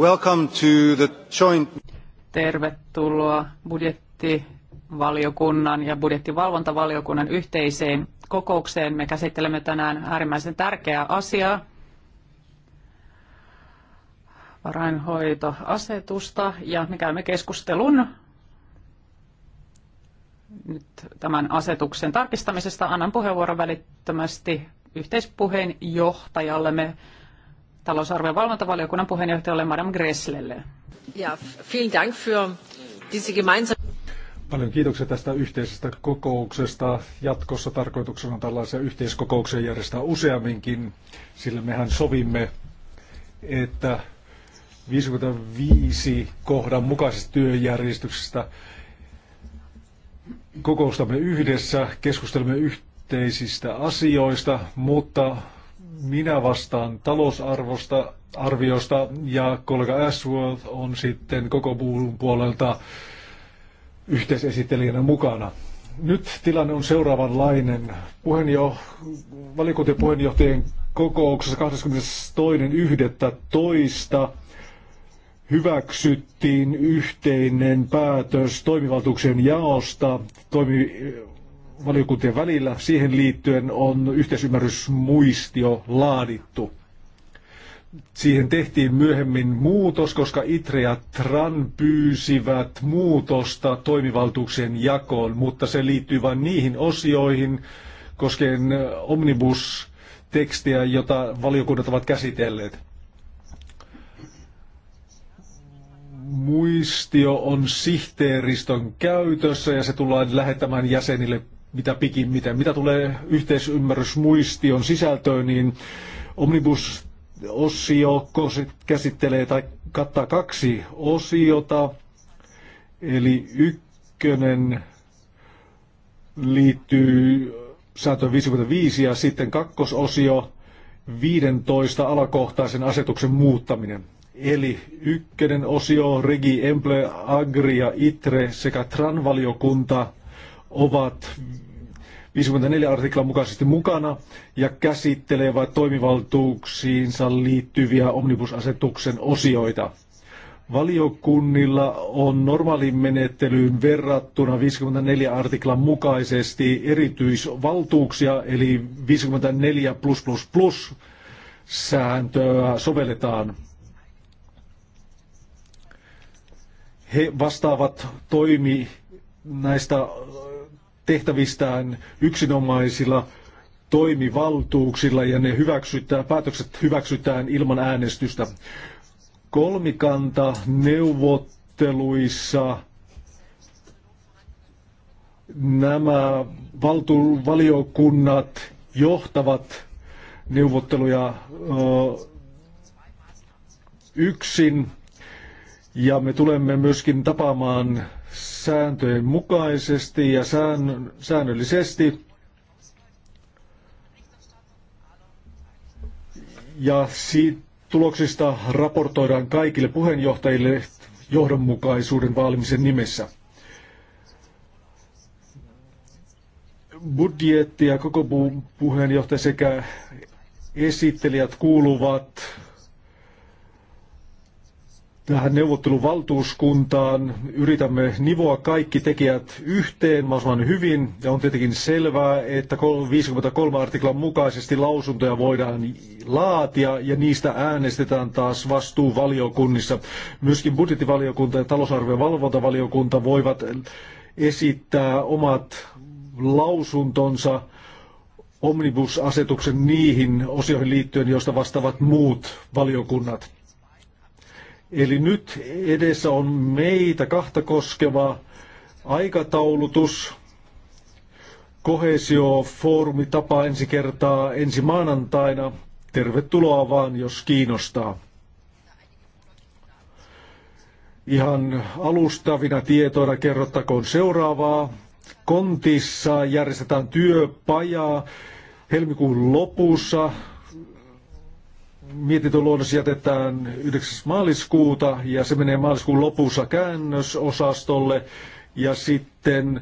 Welcome to the joint... Tervetuloa budjettivaliokunnan ja budjettivalvontavaliokunnan yhteiseen kokoukseen. Me käsittelemme tänään äärimmäisen tärkeää asiaa, varainhoitoasetusta, ja me käymme keskustelun nyt tämän asetuksen tarkistamisesta. Annan puheenvuoron välittömästi yhteispuheenjohtajallemme, talousarvion valvontavaliokunnan puheenjohtajalle Madame Gresslelle. Ja, vielen Dank für diese gemeinsame... Paljon kiitoksia tästä yhteisestä kokouksesta. Jatkossa tarkoituksena on tällaisia yhteiskokouksia järjestää useamminkin, sillä mehän sovimme, että 55 kohdan mukaisesta työjärjestyksestä kokoustamme yhdessä, keskustelemme yhteisistä asioista, mutta minä vastaan talousarvosta arviosta ja kollega Ashworth on sitten koko puun puolelta yhteisesittelijänä mukana. Nyt tilanne on seuraavanlainen. Puheenjo- valiokuntien puheenjohtajien kokouksessa 22.11. hyväksyttiin yhteinen päätös toimivaltuuksien jaosta toimi- valiokuntien välillä. Siihen liittyen on yhteisymmärrysmuistio laadittu. Siihen tehtiin myöhemmin muutos, koska ITRE ja TRAN pyysivät muutosta toimivaltuuksien jakoon, mutta se liittyy vain niihin osioihin koskien omnibus-tekstiä, jota valiokunnat ovat käsitelleet. muistio on sihteeristön käytössä ja se tullaan lähettämään jäsenille mitä pikimmiten. Mitä tulee muistion sisältöön, niin Omnibus-osio käsittelee tai kattaa kaksi osiota, eli ykkönen liittyy sääntö 55 ja sitten kakkososio 15 alakohtaisen asetuksen muuttaminen. Eli ykkönen osio Regi Emple Agri ja Itre sekä Tranvaliokunta. valiokunta ovat 54 artiklan mukaisesti mukana ja käsittelevät toimivaltuuksiinsa liittyviä omnibusasetuksen osioita. Valiokunnilla on normaalin menettelyyn verrattuna 54 artiklan mukaisesti erityisvaltuuksia, eli 54 plus plus plus sääntöä sovelletaan. He vastaavat toimi näistä tehtävistään yksinomaisilla toimivaltuuksilla ja ne hyväksytään, päätökset hyväksytään ilman äänestystä. Kolmikanta neuvotteluissa nämä valtu- valiokunnat johtavat neuvotteluja ö, yksin ja me tulemme myöskin tapaamaan sääntöjen mukaisesti ja sään, säännöllisesti. Ja siitä tuloksista raportoidaan kaikille puheenjohtajille johdonmukaisuuden vaalimisen nimessä. Budjetti ja koko puheenjohtaja sekä esittelijät kuuluvat tähän neuvotteluvaltuuskuntaan. Yritämme nivoa kaikki tekijät yhteen mahdollisimman hyvin ja on tietenkin selvää, että 53 artiklan mukaisesti lausuntoja voidaan laatia ja niistä äänestetään taas vastuuvaliokunnissa. Myöskin budjettivaliokunta ja talousarvion valvontavaliokunta voivat esittää omat lausuntonsa omnibusasetuksen niihin osioihin liittyen, joista vastaavat muut valiokunnat. Eli nyt edessä on meitä kahta koskeva aikataulutus. Kohesio-foorumi tapaa ensi kertaa ensi maanantaina. Tervetuloa vaan, jos kiinnostaa. Ihan alustavina tietoina kerrottakoon seuraavaa. Kontissa järjestetään työpajaa helmikuun lopussa luonnos jätetään 9. maaliskuuta ja se menee maaliskuun lopussa käännösosastolle ja sitten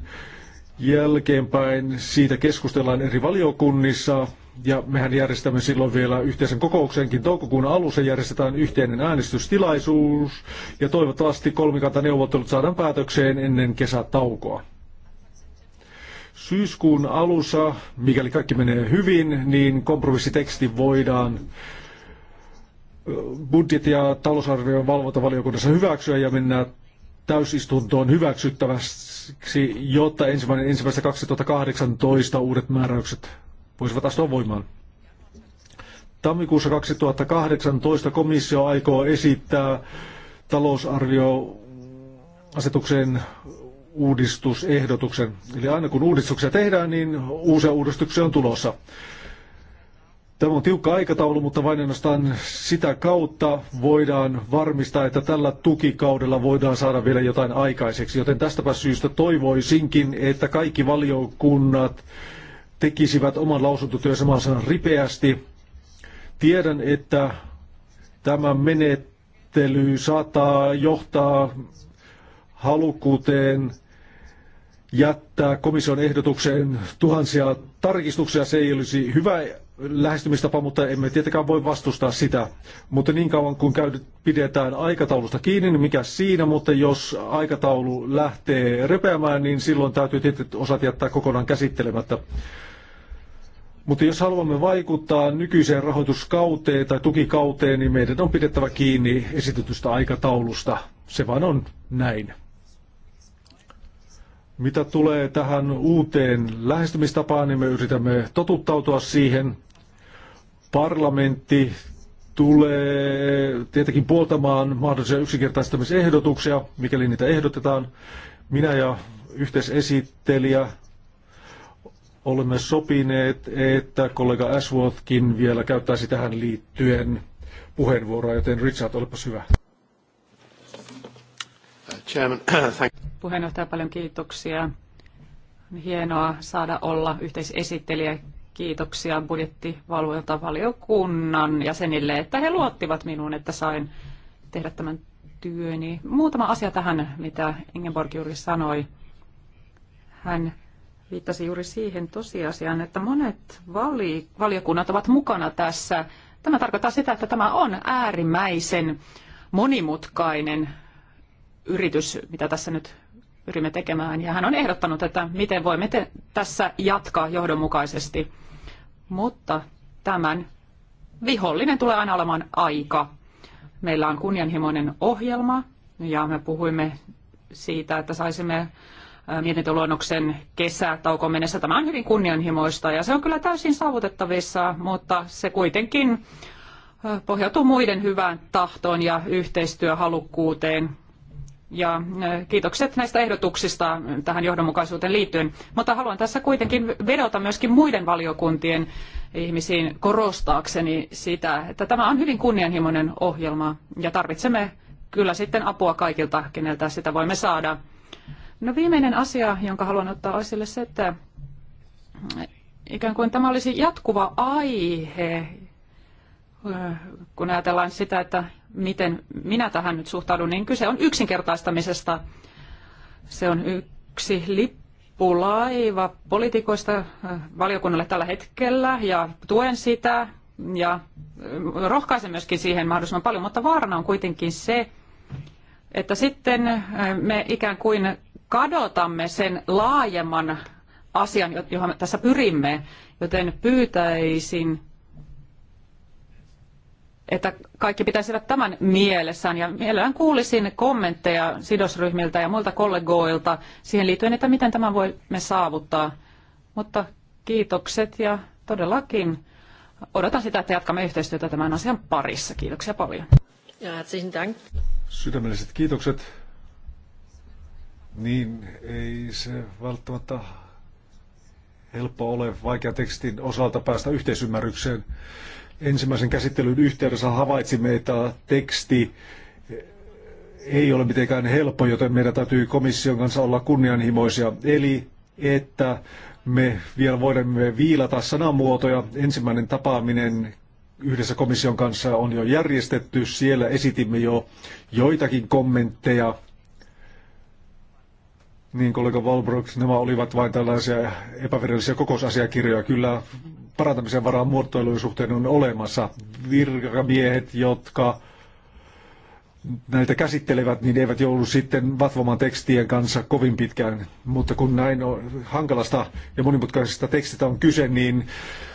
jälkeenpäin siitä keskustellaan eri valiokunnissa ja mehän järjestämme silloin vielä yhteisen kokouksenkin. Toukokuun alussa järjestetään yhteinen äänestystilaisuus ja toivottavasti kolmikantaneuvottelut saadaan päätökseen ennen kesätaukoa. Syyskuun alussa, mikäli kaikki menee hyvin, niin kompromissiteksti voidaan budjetti- ja talousarvion valvontavaliokunnassa hyväksyä ja mennä täysistuntoon hyväksyttäväksi, jotta ensimmäinen ensimmäistä 2018 uudet määräykset voisivat astua voimaan. Tammikuussa 2018 komissio aikoo esittää talousarvioasetuksen uudistusehdotuksen. Eli aina kun uudistuksia tehdään, niin uusia uudistuksia on tulossa. Tämä on tiukka aikataulu, mutta vain ainoastaan sitä kautta voidaan varmistaa, että tällä tukikaudella voidaan saada vielä jotain aikaiseksi. Joten tästäpä syystä toivoisinkin, että kaikki valiokunnat tekisivät oman lausuntotyönsä ripeästi. Tiedän, että tämä menettely saattaa johtaa halukkuuteen jättää komission ehdotukseen tuhansia tarkistuksia. Se ei olisi hyvä lähestymistapa, mutta emme tietenkään voi vastustaa sitä. Mutta niin kauan kun käy, pidetään aikataulusta kiinni, niin mikä siinä, mutta jos aikataulu lähtee repeämään, niin silloin täytyy tietyt osat jättää kokonaan käsittelemättä. Mutta jos haluamme vaikuttaa nykyiseen rahoituskauteen tai tukikauteen, niin meidän on pidettävä kiinni esitetystä aikataulusta. Se vaan on näin. Mitä tulee tähän uuteen lähestymistapaan, niin me yritämme totuttautua siihen – Parlamentti tulee tietenkin puoltamaan mahdollisia yksinkertaistamisehdotuksia, mikäli niitä ehdotetaan. Minä ja yhteisesittelijä olemme sopineet, että kollega Ashworthkin vielä käyttäisi tähän liittyen puheenvuoroa, joten Richard, olepas hyvä. Puheenjohtaja, paljon kiitoksia. Hienoa saada olla yhteisesittelijä kiitoksia budjettivaluilta valiokunnan jäsenille, että he luottivat minuun, että sain tehdä tämän työni. Muutama asia tähän, mitä Ingeborg juuri sanoi. Hän viittasi juuri siihen tosiasiaan, että monet vali- valiokunnat ovat mukana tässä. Tämä tarkoittaa sitä, että tämä on äärimmäisen monimutkainen yritys, mitä tässä nyt pyrimme tekemään. Ja hän on ehdottanut, että miten voimme tässä jatkaa johdonmukaisesti. Mutta tämän vihollinen tulee aina olemaan aika. Meillä on kunnianhimoinen ohjelma ja me puhuimme siitä, että saisimme mietintöluonnoksen kesätaukoon mennessä. Tämä on hyvin kunnianhimoista ja se on kyllä täysin saavutettavissa, mutta se kuitenkin pohjautuu muiden hyvään tahtoon ja yhteistyöhalukkuuteen ja äh, kiitokset näistä ehdotuksista tähän johdonmukaisuuteen liittyen. Mutta haluan tässä kuitenkin vedota myöskin muiden valiokuntien ihmisiin korostaakseni sitä, että tämä on hyvin kunnianhimoinen ohjelma ja tarvitsemme kyllä sitten apua kaikilta, keneltä sitä voimme saada. No viimeinen asia, jonka haluan ottaa esille se, että ikään kuin tämä olisi jatkuva aihe, äh, kun ajatellaan sitä, että miten minä tähän nyt suhtaudun, niin kyse on yksinkertaistamisesta. Se on yksi lippulaiva poliitikoista äh, valiokunnalle tällä hetkellä ja tuen sitä ja äh, rohkaisen myöskin siihen mahdollisimman paljon, mutta vaarana on kuitenkin se, että sitten äh, me ikään kuin kadotamme sen laajemman asian, johon tässä pyrimme, joten pyytäisin että kaikki pitäisivät tämän mielessään ja mielellään kuulisin kommentteja sidosryhmiltä ja muilta kollegoilta siihen liittyen, että miten tämän voimme saavuttaa. Mutta kiitokset ja todellakin odotan sitä, että jatkamme yhteistyötä tämän asian parissa. Kiitoksia paljon. Ja herzlichen Dank. Sydämelliset kiitokset. Niin, ei se välttämättä helppo ole vaikea tekstin osalta päästä yhteisymmärrykseen ensimmäisen käsittelyn yhteydessä havaitsimme, että teksti ei ole mitenkään helppo, joten meidän täytyy komission kanssa olla kunnianhimoisia. Eli että me vielä voimme viilata sanamuotoja. Ensimmäinen tapaaminen yhdessä komission kanssa on jo järjestetty. Siellä esitimme jo joitakin kommentteja. Niin kollega Walbrook, nämä olivat vain tällaisia epävirallisia kokousasiakirjoja. Kyllä parantamisen varaa muotoilujen suhteen on olemassa. Virkamiehet, jotka näitä käsittelevät, niin eivät joudu sitten vatvomaan tekstien kanssa kovin pitkään. Mutta kun näin on hankalasta ja monimutkaisesta tekstistä on kyse, niin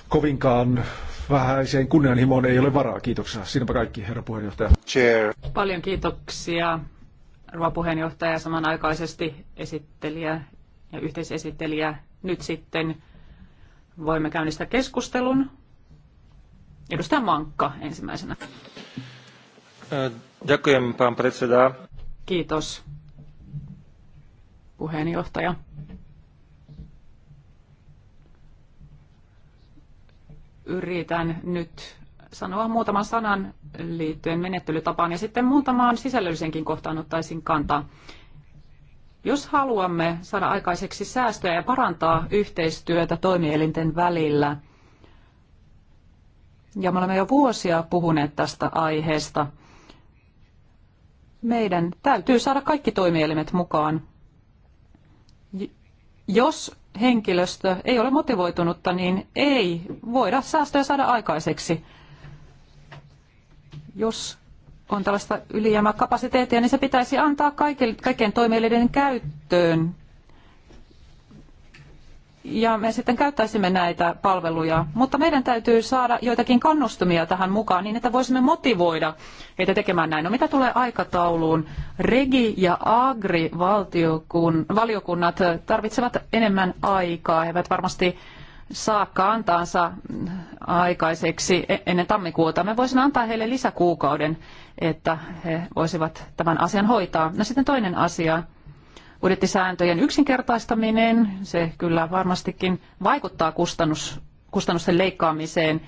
kovinkaan vähäiseen kunnianhimoon ei ole varaa. Kiitoksia. Siinäpä kaikki, herra puheenjohtaja. Chair. Paljon kiitoksia, rouva puheenjohtaja, samanaikaisesti esittelijä ja yhteisesittelijä. Nyt sitten Voimme käynnistää keskustelun. Edustaja Mankka ensimmäisenä. Ďakujem, äh, pán predseda. Kiitos, puheenjohtaja. Yritän nyt sanoa muutaman sanan liittyen menettelytapaan ja sitten muutamaan sisällöllisenkin kohtaan ottaisin kantaa. Jos haluamme saada aikaiseksi säästöjä ja parantaa yhteistyötä toimielinten välillä, ja me olemme jo vuosia puhuneet tästä aiheesta, meidän täytyy saada kaikki toimielimet mukaan. Jos henkilöstö ei ole motivoitunutta, niin ei voida säästöjä saada aikaiseksi. Jos on tällaista ylijäämäkapasiteettia, niin se pitäisi antaa kaikille, kaikkien toimielijöiden käyttöön. Ja me sitten käyttäisimme näitä palveluja, mutta meidän täytyy saada joitakin kannustumia tähän mukaan niin, että voisimme motivoida heitä tekemään näin. No mitä tulee aikatauluun? Regi- ja agri-valiokunnat tarvitsevat enemmän aikaa. He eivät varmasti saa kantaansa aikaiseksi e- ennen tammikuuta. Me voisimme antaa heille lisäkuukauden, että he voisivat tämän asian hoitaa. No sitten toinen asia, budjettisääntöjen yksinkertaistaminen, se kyllä varmastikin vaikuttaa kustannus, kustannusten leikkaamiseen.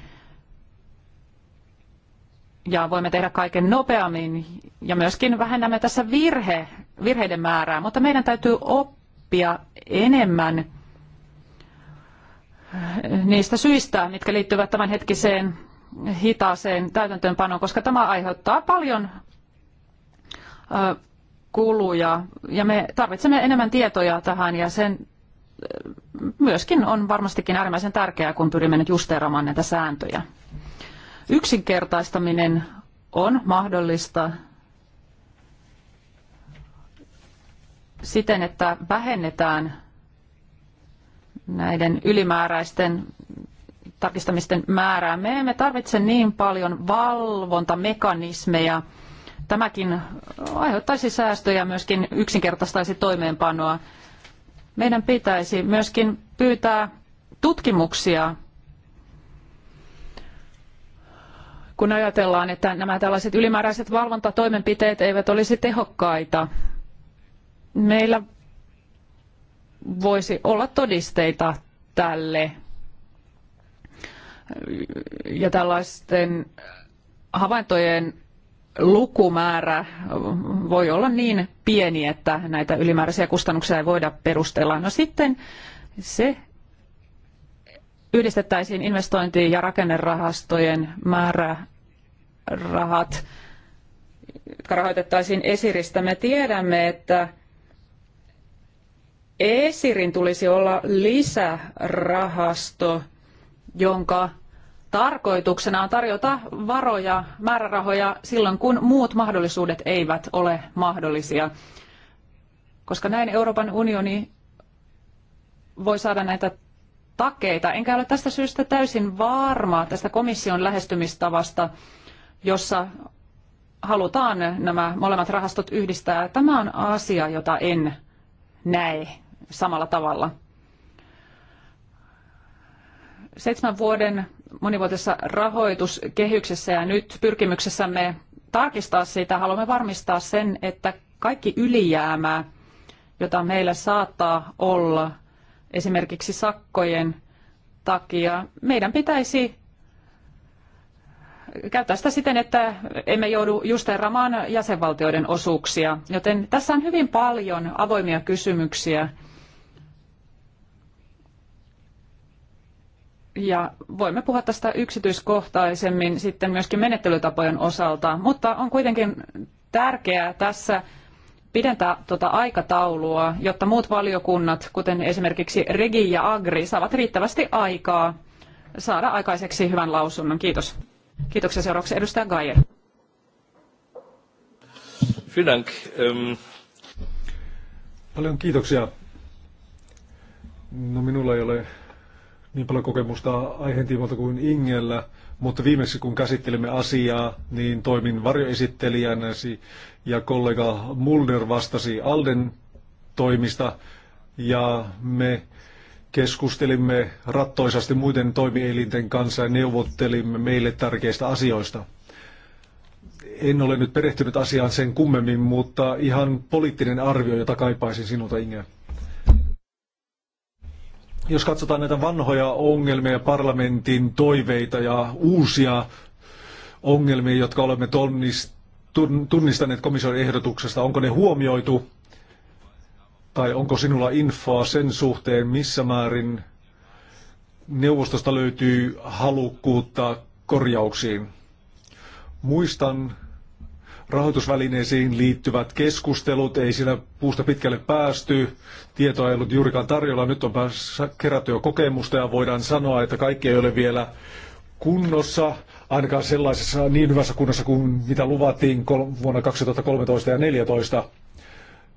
Ja voimme tehdä kaiken nopeammin ja myöskin vähennämme tässä virhe, virheiden määrää, mutta meidän täytyy oppia enemmän – niistä syistä, mitkä liittyvät tämänhetkiseen hitaaseen täytäntöönpanoon, koska tämä aiheuttaa paljon kuluja ja me tarvitsemme enemmän tietoja tähän ja sen myöskin on varmastikin äärimmäisen tärkeää, kun pyrimme nyt justeeramaan näitä sääntöjä. Yksinkertaistaminen on mahdollista siten, että vähennetään näiden ylimääräisten tarkistamisten määrää. Me emme tarvitse niin paljon valvontamekanismeja. Tämäkin aiheuttaisi säästöjä ja myöskin yksinkertaistaisi toimeenpanoa. Meidän pitäisi myöskin pyytää tutkimuksia, kun ajatellaan, että nämä tällaiset ylimääräiset valvontatoimenpiteet eivät olisi tehokkaita. Meillä voisi olla todisteita tälle ja tällaisten havaintojen lukumäärä voi olla niin pieni, että näitä ylimääräisiä kustannuksia ei voida perustella. No sitten se yhdistettäisiin investointi- ja rakennerahastojen määrärahat, jotka rahoitettaisiin esiristä. Me tiedämme, että Esirin tulisi olla lisärahasto, jonka tarkoituksena on tarjota varoja, määrärahoja silloin, kun muut mahdollisuudet eivät ole mahdollisia. Koska näin Euroopan unioni voi saada näitä takeita. Enkä ole tästä syystä täysin varma tästä komission lähestymistavasta, jossa halutaan nämä molemmat rahastot yhdistää. Tämä on asia, jota en näe samalla tavalla. Seitsemän vuoden monivuotisessa rahoituskehyksessä ja nyt pyrkimyksessämme tarkistaa sitä, haluamme varmistaa sen, että kaikki ylijäämää, jota meillä saattaa olla esimerkiksi sakkojen takia, meidän pitäisi käyttää sitä siten, että emme joudu justeeraamaan jäsenvaltioiden osuuksia. Joten tässä on hyvin paljon avoimia kysymyksiä Ja voimme puhua tästä yksityiskohtaisemmin sitten myöskin menettelytapojen osalta, mutta on kuitenkin tärkeää tässä pidentää tuota aikataulua, jotta muut valiokunnat, kuten esimerkiksi Regi ja Agri, saavat riittävästi aikaa saada aikaiseksi hyvän lausunnon. Kiitos. Kiitoksia seuraavaksi edustaja Geier. Ähm, Paljon kiitoksia. No minulla ei ole niin paljon kokemusta aiheen tiimoilta kuin Ingellä, mutta viimeksi kun käsittelimme asiaa, niin toimin varjoesittelijänäsi ja kollega Mulder vastasi Alden toimista ja me keskustelimme rattoisasti muiden toimielinten kanssa ja neuvottelimme meille tärkeistä asioista. En ole nyt perehtynyt asiaan sen kummemmin, mutta ihan poliittinen arvio, jota kaipaisin sinulta, Inge. Jos katsotaan näitä vanhoja ongelmia, parlamentin toiveita ja uusia ongelmia, jotka olemme tunnistaneet komission ehdotuksesta, onko ne huomioitu tai onko sinulla infoa sen suhteen, missä määrin neuvostosta löytyy halukkuutta korjauksiin? Muistan, rahoitusvälineisiin liittyvät keskustelut, ei siinä puusta pitkälle päästy, tietoa ei ollut juurikaan tarjolla, nyt on kerätty jo kokemusta ja voidaan sanoa, että kaikki ei ole vielä kunnossa, ainakaan sellaisessa niin hyvässä kunnossa kuin mitä luvattiin vuonna 2013 ja 2014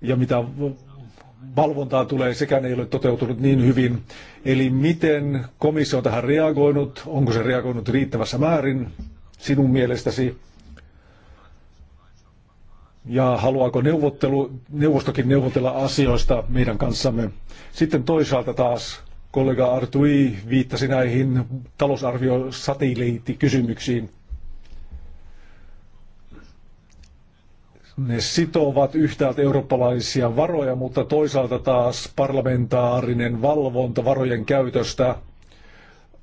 ja mitä valvontaa tulee, sekään ei ole toteutunut niin hyvin. Eli miten komissio on tähän reagoinut, onko se reagoinut riittävässä määrin sinun mielestäsi? ja haluaako neuvottelu, neuvostokin neuvotella asioista meidän kanssamme. Sitten toisaalta taas kollega Artui viittasi näihin talousarviosatelliittikysymyksiin. Ne sitovat yhtäältä eurooppalaisia varoja, mutta toisaalta taas parlamentaarinen valvonta varojen käytöstä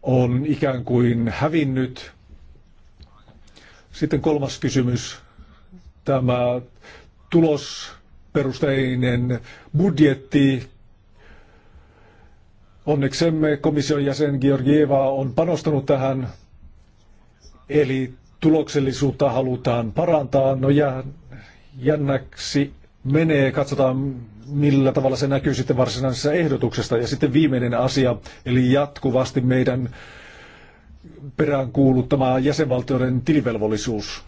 on ikään kuin hävinnyt. Sitten kolmas kysymys, tämä tulosperusteinen budjetti. Onneksemme komission jäsen Georgieva on panostanut tähän, eli tuloksellisuutta halutaan parantaa. No ja jännäksi menee, katsotaan millä tavalla se näkyy sitten varsinaisessa ehdotuksesta. Ja sitten viimeinen asia, eli jatkuvasti meidän peräänkuuluttama jäsenvaltioiden tilivelvollisuus.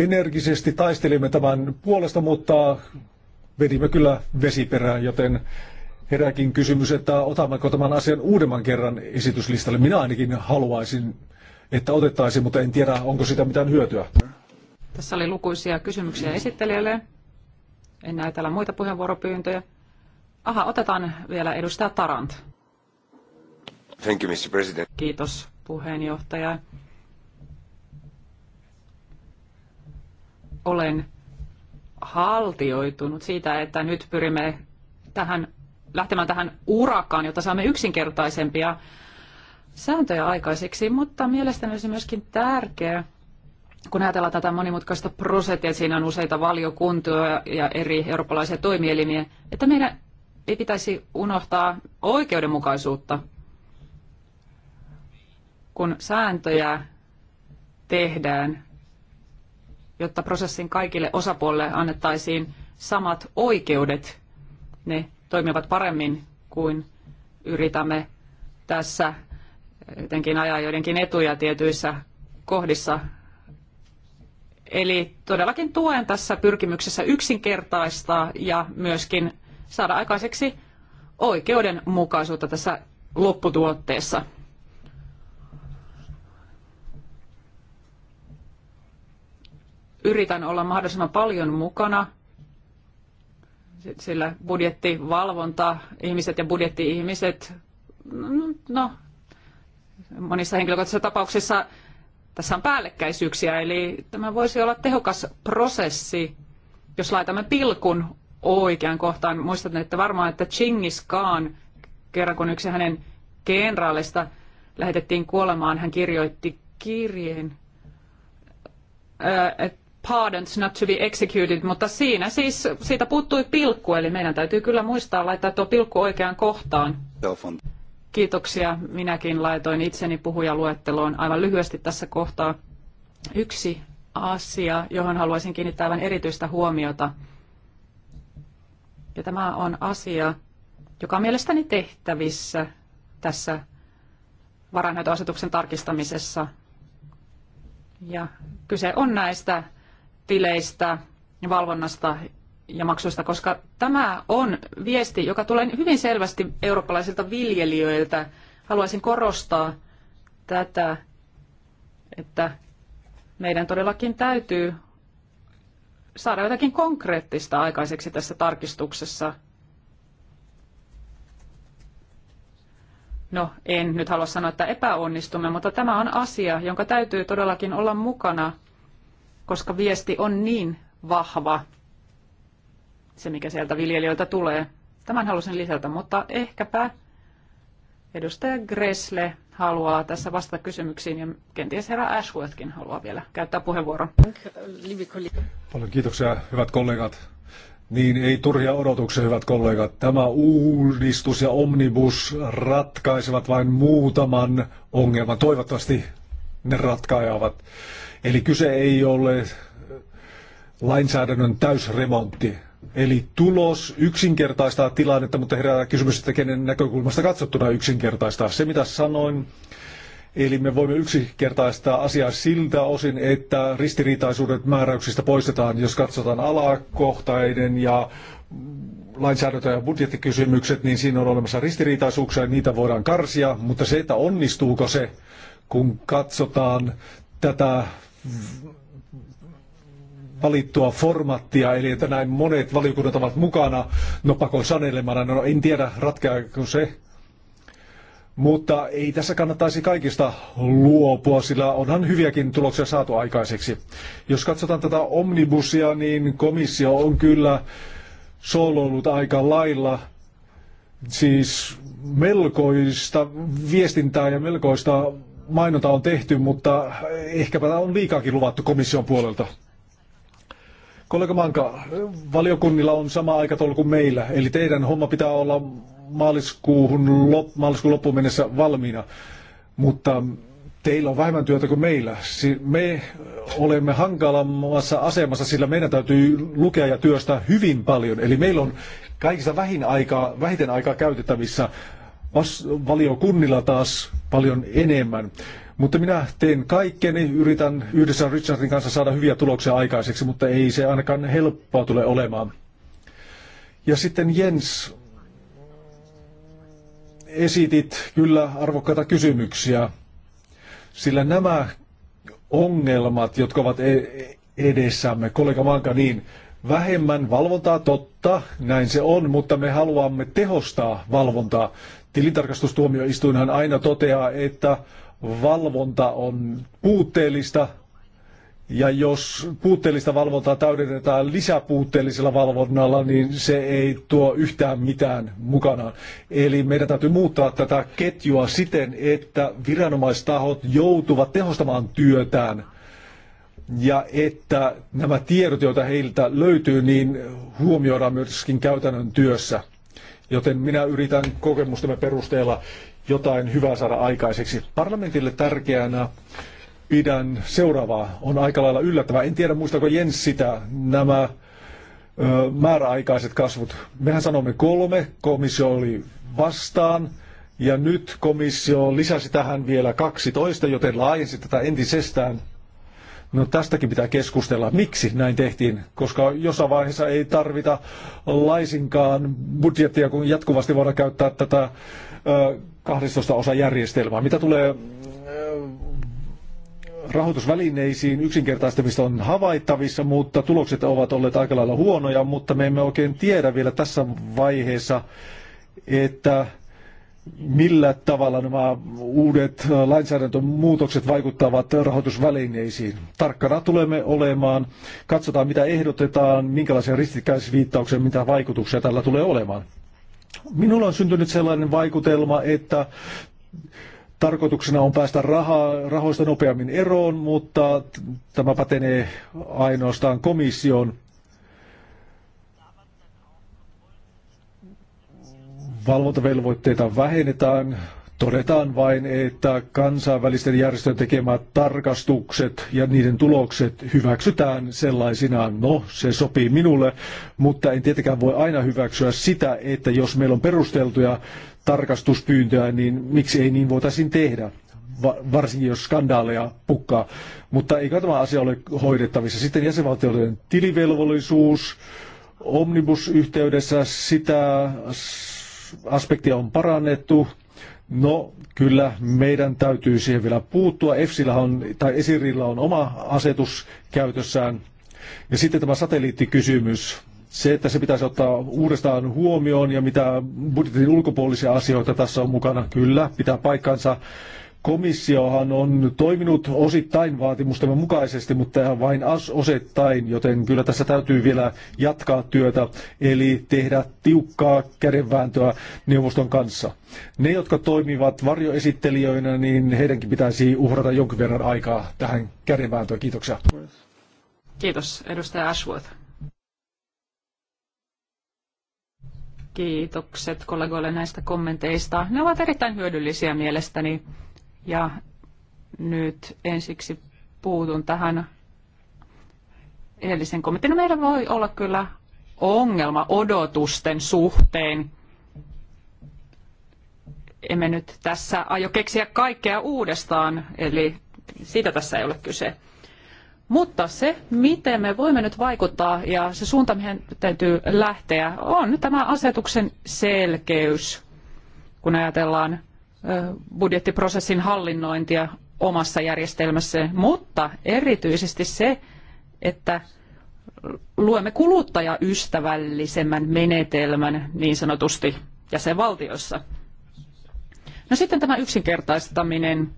Energisesti taistelimme tämän puolesta, mutta vedimme kyllä vesiperään, joten herääkin kysymys, että otammeko tämän asian uudemman kerran esityslistalle. Minä ainakin haluaisin, että otettaisiin, mutta en tiedä, onko sitä mitään hyötyä. Tässä oli lukuisia kysymyksiä esittelijälle. En näe täällä muita puheenvuoropyyntöjä. Aha, otetaan vielä edustaja Tarant. Thank you, Mr. President. Kiitos puheenjohtaja. olen haltioitunut siitä, että nyt pyrimme tähän, lähtemään tähän urakaan, jotta saamme yksinkertaisempia sääntöjä aikaiseksi, mutta mielestäni olisi myöskin tärkeää, kun ajatellaan tätä monimutkaista prosenttia, siinä on useita valiokuntia ja eri eurooppalaisia toimielimiä, että meidän ei pitäisi unohtaa oikeudenmukaisuutta, kun sääntöjä tehdään jotta prosessin kaikille osapuolille annettaisiin samat oikeudet. Ne toimivat paremmin kuin yritämme tässä jotenkin ajaa joidenkin etuja tietyissä kohdissa. Eli todellakin tuen tässä pyrkimyksessä yksinkertaistaa ja myöskin saada aikaiseksi oikeudenmukaisuutta tässä lopputuotteessa. yritän olla mahdollisimman paljon mukana, sillä budjettivalvonta, ihmiset ja budjetti-ihmiset, no, no, monissa henkilökohtaisissa tapauksissa tässä on päällekkäisyyksiä, eli tämä voisi olla tehokas prosessi, jos laitamme pilkun oikeaan kohtaan. Muistan, että varmaan, että Chingis Khan, kerran kun yksi hänen kenraalista lähetettiin kuolemaan, hän kirjoitti kirjeen, että pardons not to be executed, mutta siinä siis siitä puuttui pilkku, eli meidän täytyy kyllä muistaa laittaa tuo pilkku oikeaan kohtaan. Kiitoksia. Minäkin laitoin itseni puhujaluetteloon aivan lyhyesti tässä kohtaa. Yksi asia, johon haluaisin kiinnittää aivan erityistä huomiota. Ja tämä on asia, joka on mielestäni tehtävissä tässä varainhoitoasetuksen tarkistamisessa. Ja kyse on näistä tileistä, valvonnasta ja maksuista, koska tämä on viesti, joka tulee hyvin selvästi eurooppalaisilta viljelijöiltä. Haluaisin korostaa tätä, että meidän todellakin täytyy saada jotakin konkreettista aikaiseksi tässä tarkistuksessa. No, en nyt halua sanoa, että epäonnistumme, mutta tämä on asia, jonka täytyy todellakin olla mukana – koska viesti on niin vahva, se mikä sieltä viljelijöiltä tulee. Tämän halusin lisätä, mutta ehkäpä edustaja Gressle haluaa tässä vastata kysymyksiin ja kenties herra Ashworthkin haluaa vielä käyttää puheenvuoron. Paljon kiitoksia, hyvät kollegat. Niin ei turhia odotuksia, hyvät kollegat. Tämä uudistus ja omnibus ratkaisevat vain muutaman ongelman. Toivottavasti ne ratkaisevat. Eli kyse ei ole lainsäädännön täysremontti. Eli tulos yksinkertaistaa tilannetta, mutta herää kysymys, että kenen näkökulmasta katsottuna yksinkertaistaa. Se mitä sanoin, Eli me voimme yksinkertaistaa asiaa siltä osin, että ristiriitaisuudet määräyksistä poistetaan, jos katsotaan alakohtainen ja lainsäädäntö- ja budjettikysymykset, niin siinä on olemassa ristiriitaisuuksia, niitä voidaan karsia, mutta se, että onnistuuko se, kun katsotaan tätä valittua formattia, eli että näin monet valiokunnat ovat mukana, no sanelemana, no en tiedä ratkeako se, mutta ei tässä kannattaisi kaikista luopua, sillä onhan hyviäkin tuloksia saatu aikaiseksi. Jos katsotaan tätä omnibusia, niin komissio on kyllä sooloillut aika lailla. Siis melkoista viestintää ja melkoista mainonta on tehty, mutta ehkäpä on liikaakin luvattu komission puolelta. Kollega Manka, valiokunnilla on sama aikataulu kuin meillä, eli teidän homma pitää olla maaliskuuhun maaliskuun loppuun mennessä valmiina, mutta teillä on vähemmän työtä kuin meillä. Me olemme hankalammassa asemassa, sillä meidän täytyy lukea ja työstää hyvin paljon, eli meillä on kaikista vähin aikaa, vähiten aikaa käytettävissä vas- valiokunnilla taas paljon enemmän. Mutta minä teen kaikkeni, yritän yhdessä Richardin kanssa saada hyviä tuloksia aikaiseksi, mutta ei se ainakaan helppoa tule olemaan. Ja sitten Jens, esitit kyllä arvokkaita kysymyksiä, sillä nämä ongelmat, jotka ovat e-, e-, edessämme, kollega Manka, niin vähemmän valvontaa totta, näin se on, mutta me haluamme tehostaa valvontaa. Tilintarkastustuomioistuinhan aina toteaa, että valvonta on puutteellista, ja jos puutteellista valvontaa täydennetään lisäpuutteellisella valvonnalla, niin se ei tuo yhtään mitään mukanaan. Eli meidän täytyy muuttaa tätä ketjua siten, että viranomaistahot joutuvat tehostamaan työtään ja että nämä tiedot, joita heiltä löytyy, niin huomioidaan myöskin käytännön työssä. Joten minä yritän kokemustemme perusteella jotain hyvää saada aikaiseksi. Parlamentille tärkeänä pidän seuraavaa. On aika lailla yllättävää. En tiedä, muistako Jens sitä, nämä ö, määräaikaiset kasvut. Mehän sanomme kolme, komissio oli vastaan. Ja nyt komissio lisäsi tähän vielä 12, joten laajensi tätä entisestään No tästäkin pitää keskustella, miksi näin tehtiin, koska jossain vaiheessa ei tarvita laisinkaan budjettia, kun jatkuvasti voidaan käyttää tätä 12 osa järjestelmää. Mitä tulee rahoitusvälineisiin yksinkertaistamista on havaittavissa, mutta tulokset ovat olleet aika lailla huonoja, mutta me emme oikein tiedä vielä tässä vaiheessa, että millä tavalla nämä uudet lainsäädäntömuutokset vaikuttavat rahoitusvälineisiin. Tarkkana tulemme olemaan, katsotaan mitä ehdotetaan, minkälaisia ristikkäisviittauksia, mitä vaikutuksia tällä tulee olemaan. Minulla on syntynyt sellainen vaikutelma, että tarkoituksena on päästä rahaa, rahoista nopeammin eroon, mutta tämä patenee ainoastaan komission valvontavelvoitteita vähennetään. Todetaan vain, että kansainvälisten järjestöjen tekemät tarkastukset ja niiden tulokset hyväksytään sellaisinaan. No, se sopii minulle, mutta en tietenkään voi aina hyväksyä sitä, että jos meillä on perusteltuja tarkastuspyyntöjä, niin miksi ei niin voitaisiin tehdä? varsinkin jos skandaaleja pukkaa. Mutta eikä tämä asia ole hoidettavissa. Sitten jäsenvaltioiden tilivelvollisuus, omnibus-yhteydessä sitä aspektia on parannettu. No kyllä, meidän täytyy siihen vielä puuttua. EFSillä on, tai Esirillä on oma asetus käytössään. Ja sitten tämä satelliittikysymys. Se, että se pitäisi ottaa uudestaan huomioon ja mitä budjetin ulkopuolisia asioita tässä on mukana, kyllä, pitää paikkansa. Komissiohan on toiminut osittain vaatimustemme mukaisesti, mutta vain osittain, joten kyllä tässä täytyy vielä jatkaa työtä, eli tehdä tiukkaa kädenvääntöä neuvoston kanssa. Ne, jotka toimivat varjoesittelijöinä, niin heidänkin pitäisi uhrata jonkin verran aikaa tähän kädenvääntöön. Kiitoksia. Kiitos, edustaja Ashworth. Kiitokset kollegoille näistä kommenteista. Ne ovat erittäin hyödyllisiä mielestäni. Ja nyt ensiksi puutun tähän edellisen kommentin. No meillä voi olla kyllä ongelma odotusten suhteen. Emme nyt tässä aio keksiä kaikkea uudestaan, eli siitä tässä ei ole kyse. Mutta se, miten me voimme nyt vaikuttaa ja se suunta, mihin täytyy lähteä, on tämä asetuksen selkeys, kun ajatellaan budjettiprosessin hallinnointia omassa järjestelmässä, mutta erityisesti se, että luemme kuluttajaystävällisemmän menetelmän niin sanotusti jäsenvaltioissa. No sitten tämä yksinkertaistaminen,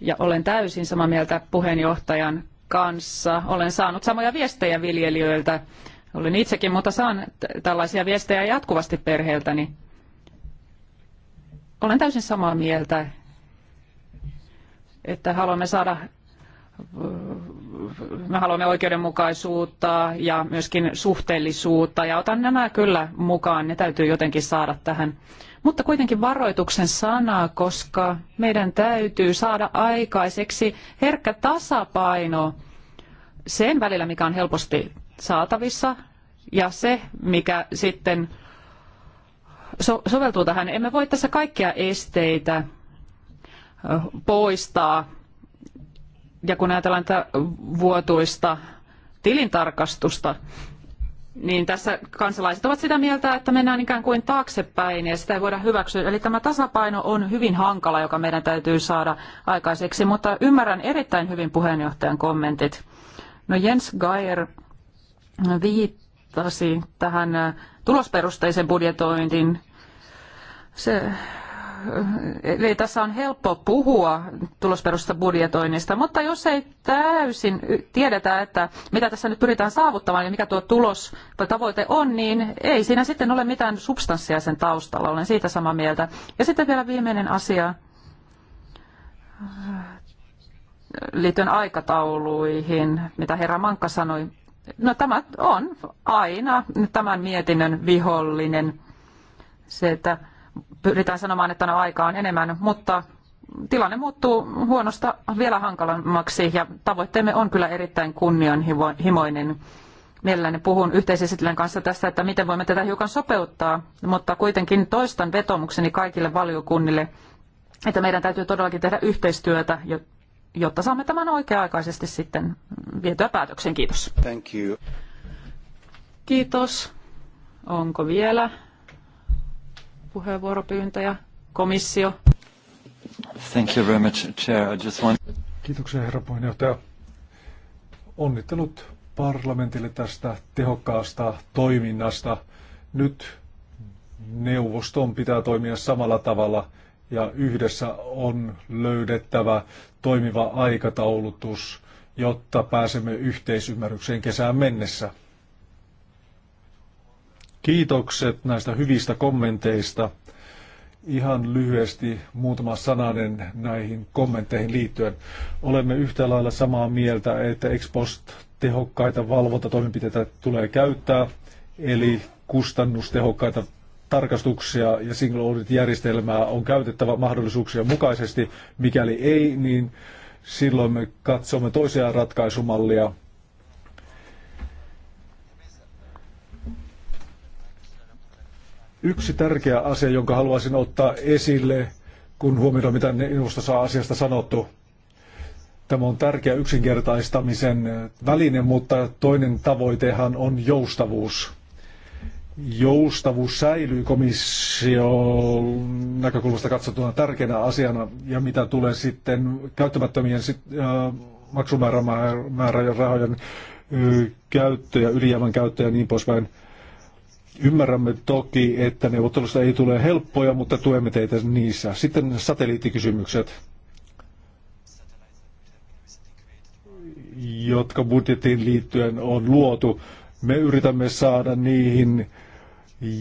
ja olen täysin samaa mieltä puheenjohtajan kanssa. Olen saanut samoja viestejä viljelijöiltä. Olen itsekin, mutta saan tällaisia viestejä jatkuvasti perheeltäni. Niin olen täysin samaa mieltä, että haluamme saada me haluamme oikeudenmukaisuutta ja myöskin suhteellisuutta ja otan nämä kyllä mukaan, ne täytyy jotenkin saada tähän. Mutta kuitenkin varoituksen sanaa, koska meidän täytyy saada aikaiseksi herkkä tasapaino sen välillä, mikä on helposti saatavissa ja se, mikä sitten so- soveltuu tähän. Emme voi tässä kaikkia esteitä poistaa. Ja kun ajatellaan tätä vuotuista tilintarkastusta, niin tässä kansalaiset ovat sitä mieltä, että mennään ikään kuin taaksepäin ja sitä ei voida hyväksyä. Eli tämä tasapaino on hyvin hankala, joka meidän täytyy saada aikaiseksi, mutta ymmärrän erittäin hyvin puheenjohtajan kommentit. No Jens Geier viittasi tähän tulosperusteisen budjetoinnin. Se, eli tässä on helppo puhua tulosperusta budjetoinnista, mutta jos ei täysin tiedetä, että mitä tässä nyt pyritään saavuttamaan ja mikä tuo tulos tai tavoite on, niin ei siinä sitten ole mitään substanssia sen taustalla. Olen siitä samaa mieltä. Ja sitten vielä viimeinen asia liittyen aikatauluihin, mitä herra Mankka sanoi. No tämä on aina tämän mietinnön vihollinen. Se, että pyritään sanomaan, että no aika on enemmän, mutta tilanne muuttuu huonosta vielä hankalammaksi ja tavoitteemme on kyllä erittäin kunnianhimoinen. Mielelläni puhun yhteisesitellen kanssa tästä, että miten voimme tätä hiukan sopeuttaa, mutta kuitenkin toistan vetomukseni kaikille valiokunnille, että meidän täytyy todellakin tehdä yhteistyötä, jotta saamme tämän oikea-aikaisesti sitten vietyä päätöksen. Kiitos. Thank you. Kiitos. Onko vielä puheenvuoropyyntöjä? Komissio. Thank you very much, Chair. I just want... Kiitoksia, herra puheenjohtaja. Onnittelut parlamentille tästä tehokkaasta toiminnasta. Nyt neuvoston pitää toimia samalla tavalla – ja yhdessä on löydettävä toimiva aikataulutus, jotta pääsemme yhteisymmärrykseen kesään mennessä. Kiitokset näistä hyvistä kommenteista. Ihan lyhyesti muutama sananen näihin kommentteihin liittyen. Olemme yhtä lailla samaa mieltä, että ex post tehokkaita valvontatoimenpiteitä tulee käyttää, eli kustannustehokkaita tarkastuksia ja single audit-järjestelmää on käytettävä mahdollisuuksien mukaisesti. Mikäli ei, niin silloin me katsomme toisia ratkaisumallia. Yksi tärkeä asia, jonka haluaisin ottaa esille, kun huomioidaan mitä neuvostossa saa asiasta sanottu. Tämä on tärkeä yksinkertaistamisen väline, mutta toinen tavoitehan on joustavuus joustavuus säilyy komission näkökulmasta katsottuna tärkeänä asiana ja mitä tulee sitten käyttämättömien sit, äh, maksumäärärahojen rahojen käyttö ja ylijäämän käyttö ja niin poispäin. Ymmärrämme toki, että neuvottelusta ei tule helppoja, mutta tuemme teitä niissä. Sitten satelliittikysymykset, jotka budjettiin liittyen on luotu. Me yritämme saada niihin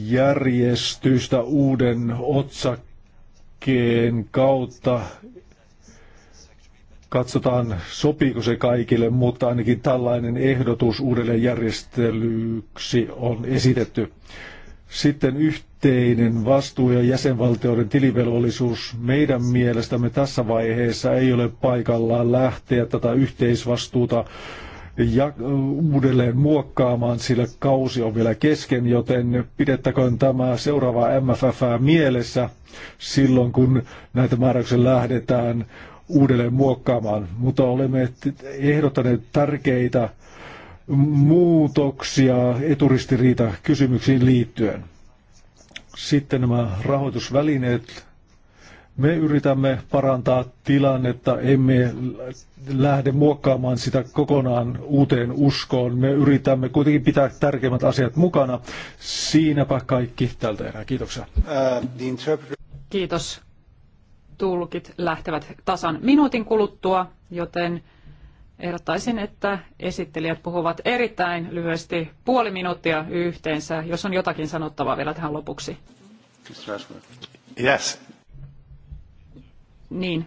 järjestystä uuden otsakkeen kautta. Katsotaan, sopiiko se kaikille, mutta ainakin tällainen ehdotus järjestelyksi on esitetty. Sitten yhteinen vastuu ja jäsenvaltioiden tilivelvollisuus. Meidän mielestämme tässä vaiheessa ei ole paikallaan lähteä tätä yhteisvastuuta ja uudelleen muokkaamaan, sillä kausi on vielä kesken, joten pidettäköön tämä seuraava MFF mielessä silloin, kun näitä määräyksiä lähdetään uudelleen muokkaamaan. Mutta olemme ehdottaneet tärkeitä muutoksia eturistiriita kysymyksiin liittyen. Sitten nämä rahoitusvälineet me yritämme parantaa tilannetta, emme lähde muokkaamaan sitä kokonaan uuteen uskoon. Me yritämme kuitenkin pitää tärkeimmät asiat mukana. Siinäpä kaikki tältä erää. Kiitoksia. Kiitos. Tulkit lähtevät tasan minuutin kuluttua, joten ehdottaisin, että esittelijät puhuvat erittäin lyhyesti puoli minuuttia yhteensä, jos on jotakin sanottavaa vielä tähän lopuksi. Yes, niin,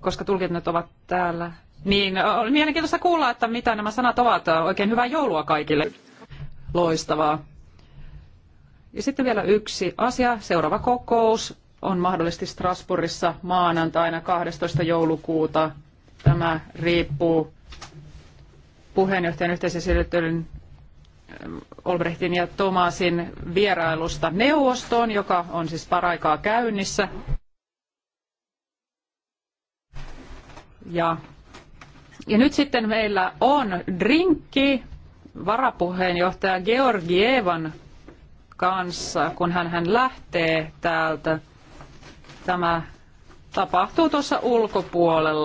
koska tulkinnat ovat täällä. Niin, oli mielenkiintoista kuulla, että mitä nämä sanat ovat. Oikein hyvää joulua kaikille. Loistavaa. Ja sitten vielä yksi asia. Seuraava kokous on mahdollisesti Strasbourgissa maanantaina 12. joulukuuta. Tämä riippuu puheenjohtajan yhteisen selittelyn eh, Olbrechtin ja Tomasin vierailusta neuvostoon, joka on siis paraikaa käynnissä. Ja, ja nyt sitten meillä on drinkki varapuheenjohtaja Georgievan kanssa, kun hän, hän lähtee täältä. Tämä tapahtuu tuossa ulkopuolella.